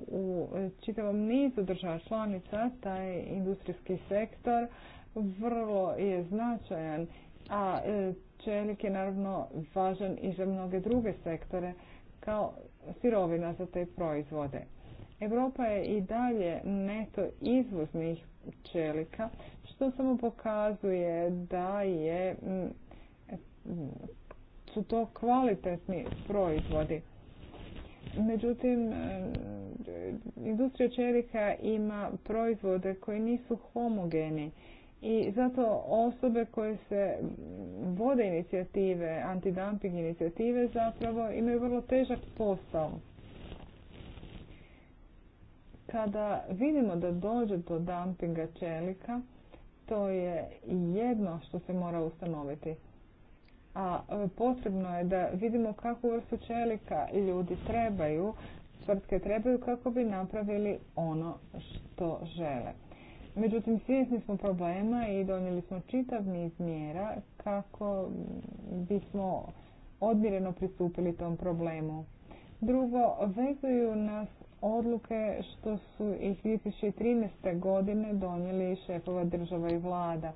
S1: u čitavom nizu država članica taj industrijski sektor vrlo je značajan, a e, čelik je naravno važan i za mnoge druge sektore kao sirovina za te proizvode. Europa je i dalje neto izvoznih čelika, što samo pokazuje da je, su to kvalitetni proizvodi. Međutim, e, industrija čelika ima proizvode koji nisu homogeni i zato osobe koje se vode inicijative, antidumping inicijative zapravo imaju vrlo težak posao. Kada vidimo da dođe do dumpinga čelika, to je jedno što se mora ustanoviti a e, potrebno je da vidimo kakvu vrstu čelika ljudi trebaju, tvrtke trebaju kako bi napravili ono što žele. Međutim, svjesni smo problema i donijeli smo čitav niz mjera kako bismo odmjereno pristupili tom problemu. Drugo, vezuju nas odluke što su ih 2013. godine donijeli šefova država i vlada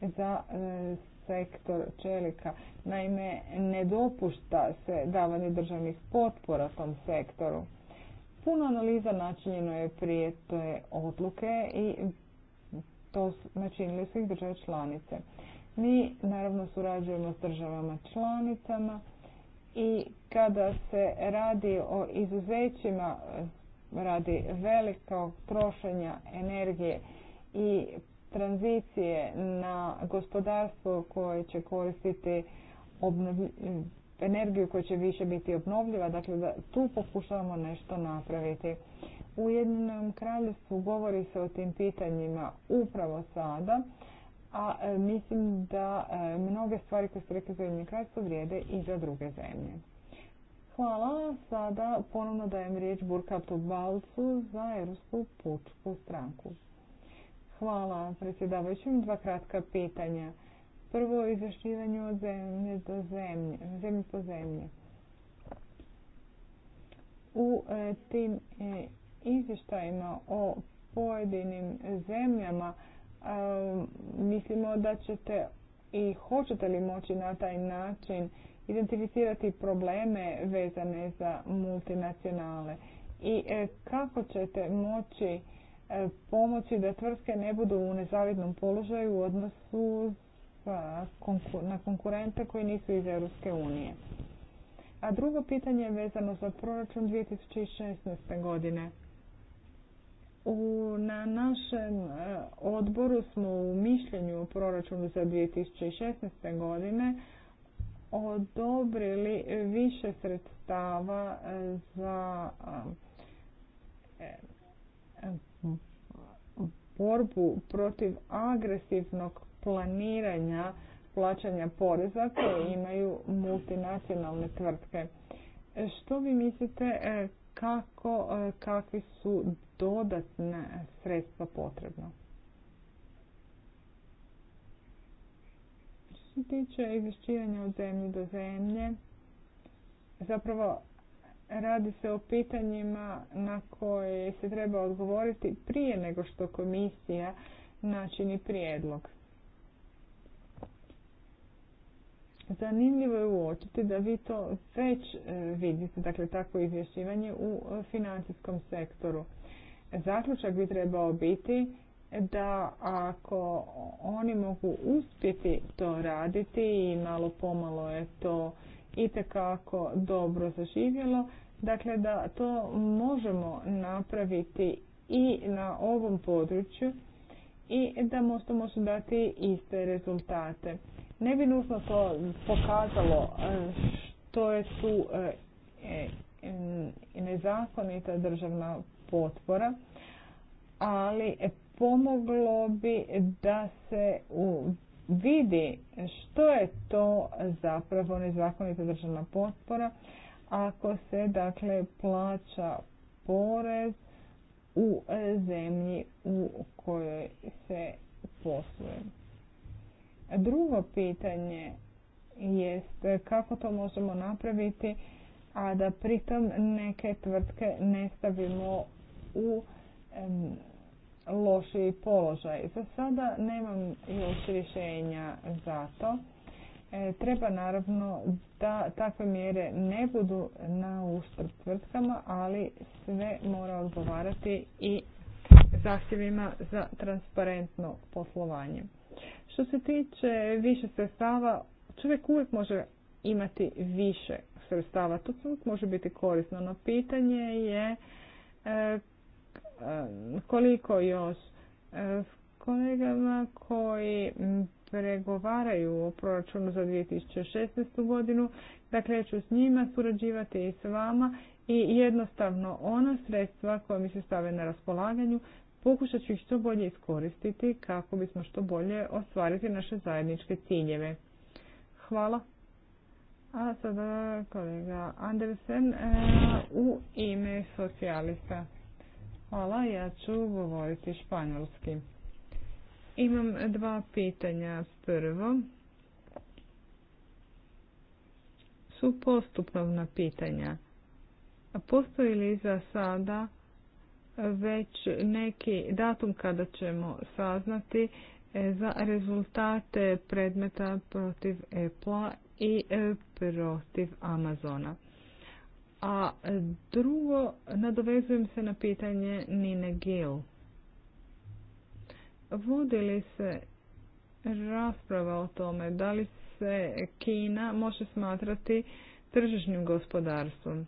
S1: za e, sektor čelika. Naime, ne dopušta se davanje državnih potpora tom sektoru. Puno analiza načinjeno je prije te odluke i to načinili svih države članice. Mi naravno surađujemo s državama članicama i kada se radi o izuzećima radi velikog trošenja energije i tranzicije na gospodarstvo koje će koristiti energiju koja će više biti obnovljiva, dakle da tu pokušavamo nešto napraviti. U jednom kraljevstvu govori se o tim pitanjima upravo sada, a e, mislim da e, mnoge stvari koje ste rekli za jednom kraljevstvu vrijede i za druge zemlje. Hvala. Sada ponovno dajem riječ Burkatu Balcu za Europsku pučku stranku. Hvala predsjedavajućim. Dva kratka pitanja. Prvo o izvješćivanju od zemlje do zemlje, zemlje po zemlji. U e, tim e, izvještajima o pojedinim zemljama e, mislimo da ćete i hoćete li moći na taj način identificirati probleme vezane za multinacionale i kako ćete moći pomoći da tvrtke ne budu u nezavidnom položaju u odnosu na konkurente koji nisu iz Europske unije. A drugo pitanje je vezano za proračun 2016. godine. U, na našem e, odboru smo u mišljenju o proračunu za 2016. godine odobrili više sredstava e, za e, borbu protiv agresivnog planiranja plaćanja poreza koje imaju multinacionalne tvrtke. Što vi mislite e, kako, e, kakvi su dodatne sredstva potrebna? Što se tiče izvješćivanja od zemlje do zemlje, zapravo Radi se o pitanjima na koje se treba odgovoriti prije nego što komisija načini prijedlog. Zanimljivo je uočiti da vi to već e, vidite, dakle takvo izvješćivanje u e, financijskom sektoru. Zaključak bi trebao biti da ako oni mogu uspjeti to raditi i malo pomalo je to itekako dobro zaživjelo. Dakle, da to možemo napraviti i na ovom području i da možemo može dati iste rezultate. Ne bi nužno to pokazalo e, što je tu e, e, nezakonita državna potpora, ali pomoglo bi da se u vidi što je to zapravo nezakonita državna potpora ako se dakle plaća porez u zemlji u kojoj se posluje. Drugo pitanje je kako to možemo napraviti, a da pritom neke tvrtke ne stavimo u lošiji položaj. Za sada nemam još rješenja za to. E, treba naravno da takve mjere ne budu na uštrb tvrtkama, ali sve mora odgovarati i zahtjevima za transparentno poslovanje. Što se tiče više sredstava, čovjek uvijek može imati više sredstava. To uvijek može biti korisno, no pitanje je e, E, koliko još e, kolegama koji pregovaraju o proračunu za 2016. godinu. Dakle, ja ću s njima surađivati i s vama i jednostavno ona sredstva koja mi se stave na raspolaganju pokušat ću ih što bolje iskoristiti kako bismo što bolje ostvariti naše zajedničke ciljeve. Hvala. A sada kolega Andersen e, u ime socijalista. Hvala, ja ću govoriti španjolski. Imam dva pitanja. Prvo su postupnovna pitanja. Postoji li za sada već neki datum kada ćemo saznati e, za rezultate predmeta protiv Apple i e, protiv Amazona? A drugo, nadovezujem se na pitanje Nine Gill. Vodi li se rasprava o tome da li se Kina može smatrati tržišnim gospodarstvom?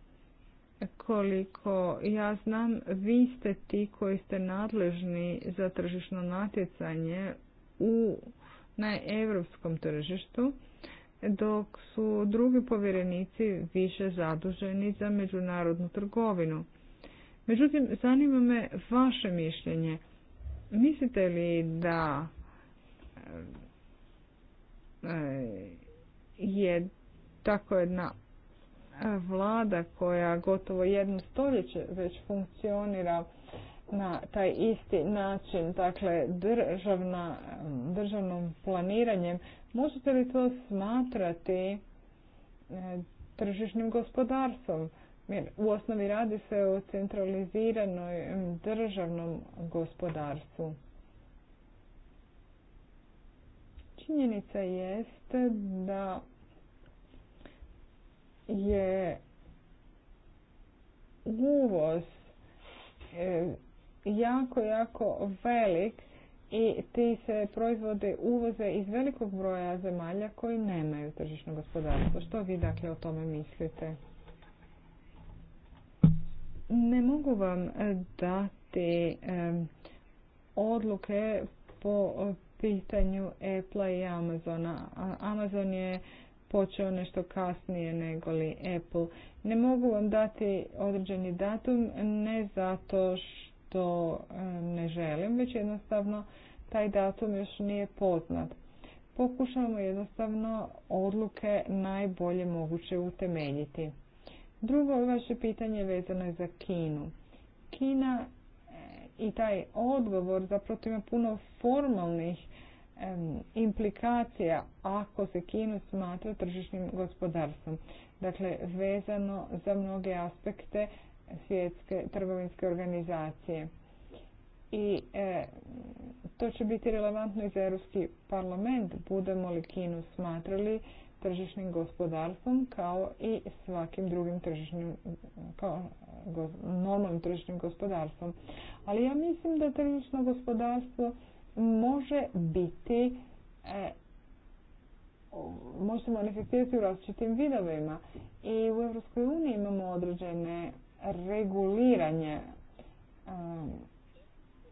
S1: Koliko ja znam, vi ste ti koji ste nadležni za tržišno natjecanje u, na europskom tržištu dok su drugi povjerenici više zaduženi za međunarodnu trgovinu. Međutim, zanima me vaše mišljenje. Mislite li da e, je tako jedna vlada koja gotovo jedno stoljeće već funkcionira na taj isti način, dakle državna, državnom planiranjem, možete li to smatrati e, tržišnim gospodarstvom? Jer u osnovi radi se o centraliziranoj državnom gospodarstvu. Činjenica jeste da je uvoz e, jako, jako velik i ti se proizvode uvoze iz velikog broja zemalja koji nemaju tržišno gospodarstvo. Što vi dakle o tome mislite? Ne mogu vam e, dati e, odluke po pitanju Apple i Amazona. Amazon je počeo nešto kasnije nego li Apple. Ne mogu vam dati određeni datum ne zato što to e, ne želim, već jednostavno taj datum još nije poznat. Pokušamo jednostavno odluke najbolje moguće utemeljiti. Drugo vaše pitanje vezano je za Kinu. Kina e, i taj odgovor zapravo ima puno formalnih implikacija ako se Kinu smatra tržišnim gospodarstvom. Dakle, vezano za mnoge aspekte svjetske trgovinske organizacije. I e, to će biti relevantno i za Europski parlament, budemo li Kinu smatrali tržišnim gospodarstvom kao i svakim drugim tržišnim, kao normalnim tržišnim gospodarstvom. Ali ja mislim da tržišno gospodarstvo može biti e, može se manifestirati u različitim vidovima. I u EU imamo određene reguliranje.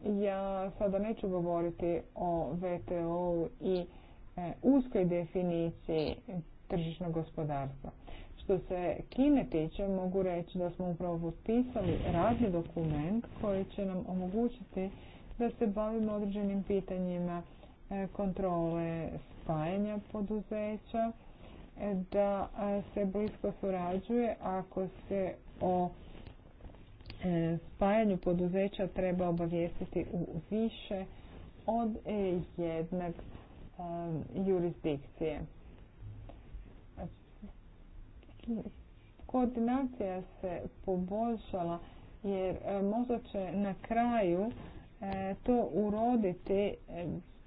S1: Ja sada neću govoriti o VTO i e, uskoj definiciji tržišnog gospodarstva. Što se Kine tiče, mogu reći da smo upravo potpisali radni dokument koji će nam omogućiti da se bavimo određenim pitanjima e, kontrole spajanja poduzeća, e, da se blisko surađuje ako se o E, spajanju poduzeća treba obavijestiti u više od e, jednog e, jurisdikcije. Koordinacija se poboljšala jer možda će na kraju to uroditi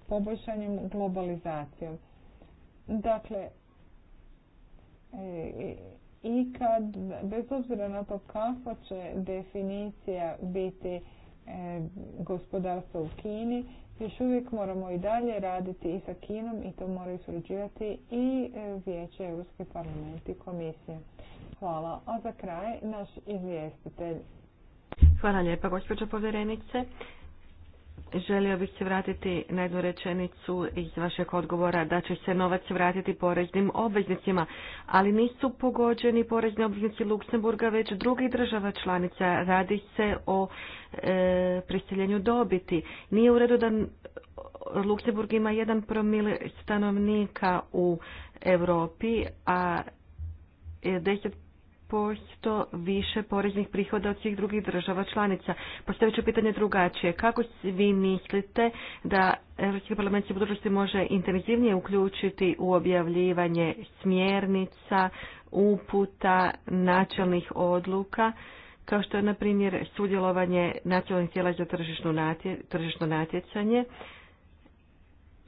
S1: poboljšanjem globalizacijom. Dakle, i kad, bez obzira na to kakva će definicija biti gospodarstvo e, gospodarstva u Kini, još uvijek moramo i dalje raditi i sa Kinom i to moraju surađivati i e, Vijeće Europski parlament i komisije. Hvala. A za kraj naš izvjestitelj.
S2: Hvala lijepa gospođo povjerenice. Želio bih se vratiti na jednu rečenicu iz vašeg odgovora da će se novac vratiti poreznim obveznicima, ali nisu pogođeni porezni obveznici Luksemburga već drugih država članica. Radi se o e, prisiljenju dobiti. Nije u redu da Luksemburg ima jedan promil stanovnika u Europi, a 10 posto više poreznih prihoda od svih drugih država članica. Postavit ću pitanje drugačije. Kako vi mislite da Europski parlament u budućnosti može intenzivnije uključiti u objavljivanje smjernica, uputa, načelnih odluka, kao što je, na primjer, sudjelovanje nacionalnih tijela za tržišno natjecanje,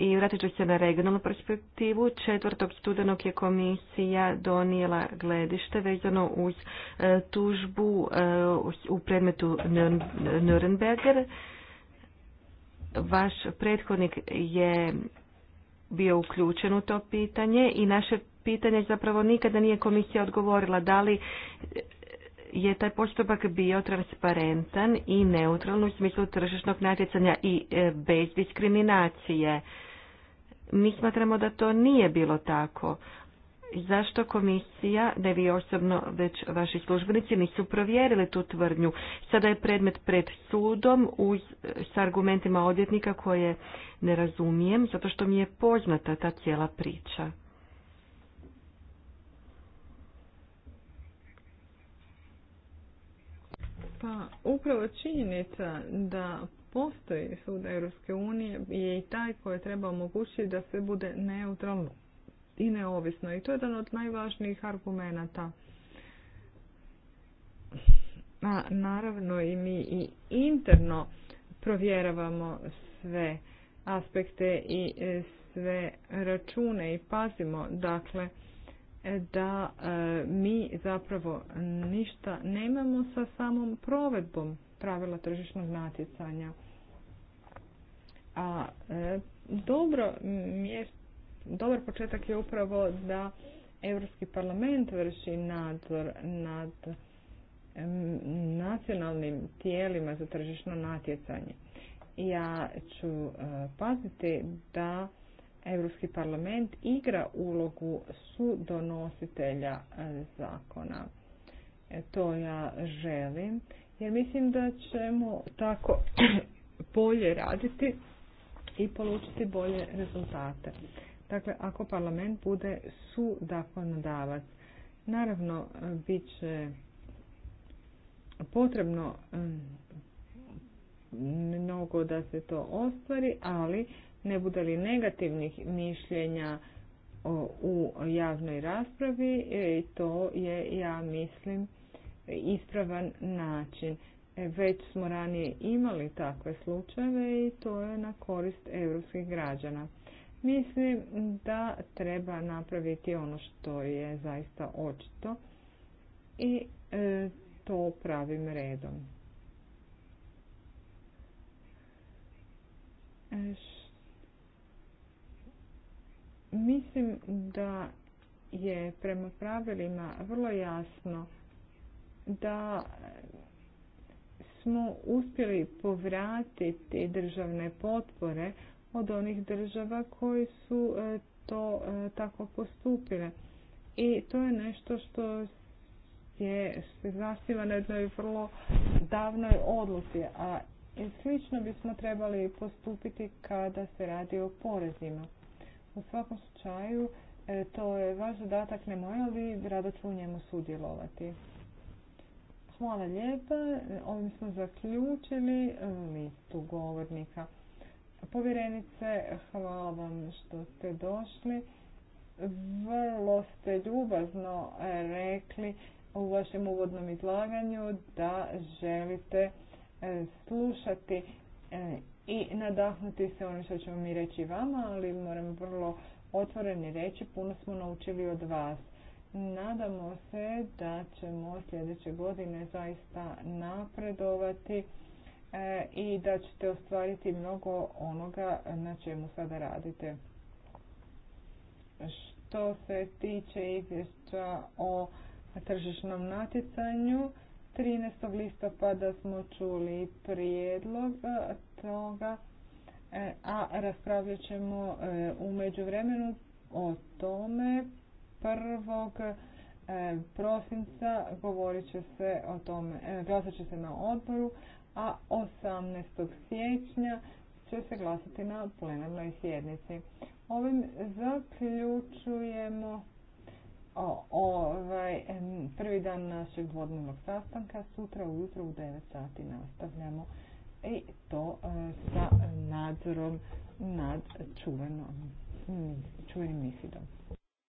S2: i vratit ću se na regionalnu perspektivu. Četvrtog studenog je komisija donijela gledište vezano uz e, tužbu e, u predmetu Nürnberger. Vaš prethodnik je bio uključen u to pitanje i naše pitanje zapravo nikada nije komisija odgovorila da li je taj postupak bio transparentan i neutralan u smislu tržišnog natjecanja i e, bez diskriminacije. Mi smatramo da to nije bilo tako. Zašto komisija, ne vi osobno, već vaši službenici nisu provjerili tu tvrdnju? Sada je predmet pred sudom uz, s argumentima odvjetnika koje ne razumijem, zato što mi je poznata ta cijela priča.
S1: Pa upravo činjenica da postoji sud Europske unije je i taj koji treba omogućiti da sve bude neutralno i neovisno. I to je jedan od najvažnijih argumenata. A naravno i mi i interno provjeravamo sve aspekte i e, sve račune i pazimo dakle da e, mi zapravo ništa nemamo sa samom provedbom pravila tržišnog natjecanja. A e, dobro dobar početak je upravo da Europski parlament vrši nadzor nad nacionalnim tijelima za tržišno natjecanje. Ja ću e, paziti da Europski parlament igra ulogu donositelja e, zakona. E, to ja želim jer mislim da ćemo tako (clears throat) bolje raditi i polučiti bolje rezultate. Dakle, ako parlament bude sudakonodavac, naravno e, bit će potrebno mnogo da se to ostvari, ali ne bude li negativnih mišljenja u javnoj raspravi, e, to je, ja mislim, ispravan način. E, već smo ranije imali takve slučajeve i to je na korist europskih građana. Mislim da treba napraviti ono što je zaista očito i e, to pravim redom. Mislim da je prema pravilima vrlo jasno da smo uspjeli povratiti državne potpore od onih država koji su e, to e, tako postupile. I to je nešto što je zasniva na jednoj vrlo davnoj odluci, a slično bismo trebali postupiti kada se radi o porezima. U svakom slučaju, e, to je vaš zadatak, ne moj, ali rado ću u njemu sudjelovati. Hvala lijepa, ovim smo zaključili listu govornika. Povjerenice, hvala vam što ste došli. Vrlo ste ljubazno e, rekli u vašem uvodnom izlaganju da želite e, slušati i nadahnuti se ono što ćemo mi reći vama, ali moram vrlo otvoreni reći, puno smo naučili od vas. Nadamo se da ćemo sljedeće godine zaista napredovati e, i da ćete ostvariti mnogo onoga na čemu sada radite. Što se tiče izvješća o tržišnom natjecanju, 13. listopada smo čuli prijedlog toga, e, a raspravljat ćemo e, u međuvremenu o tome prvog e, prosinca govorit će se o tome, glasat će se na odboru, a 18. siječnja će se glasati na plenarnoj sjednici. Ovim zaključujemo ovaj, prvi dan našeg dvodnevnog sastanka. Sutra ujutro u 9 sati nastavljamo i e, to e, sa nadzorom nad čuvenom, hmm, čuvenim misidom.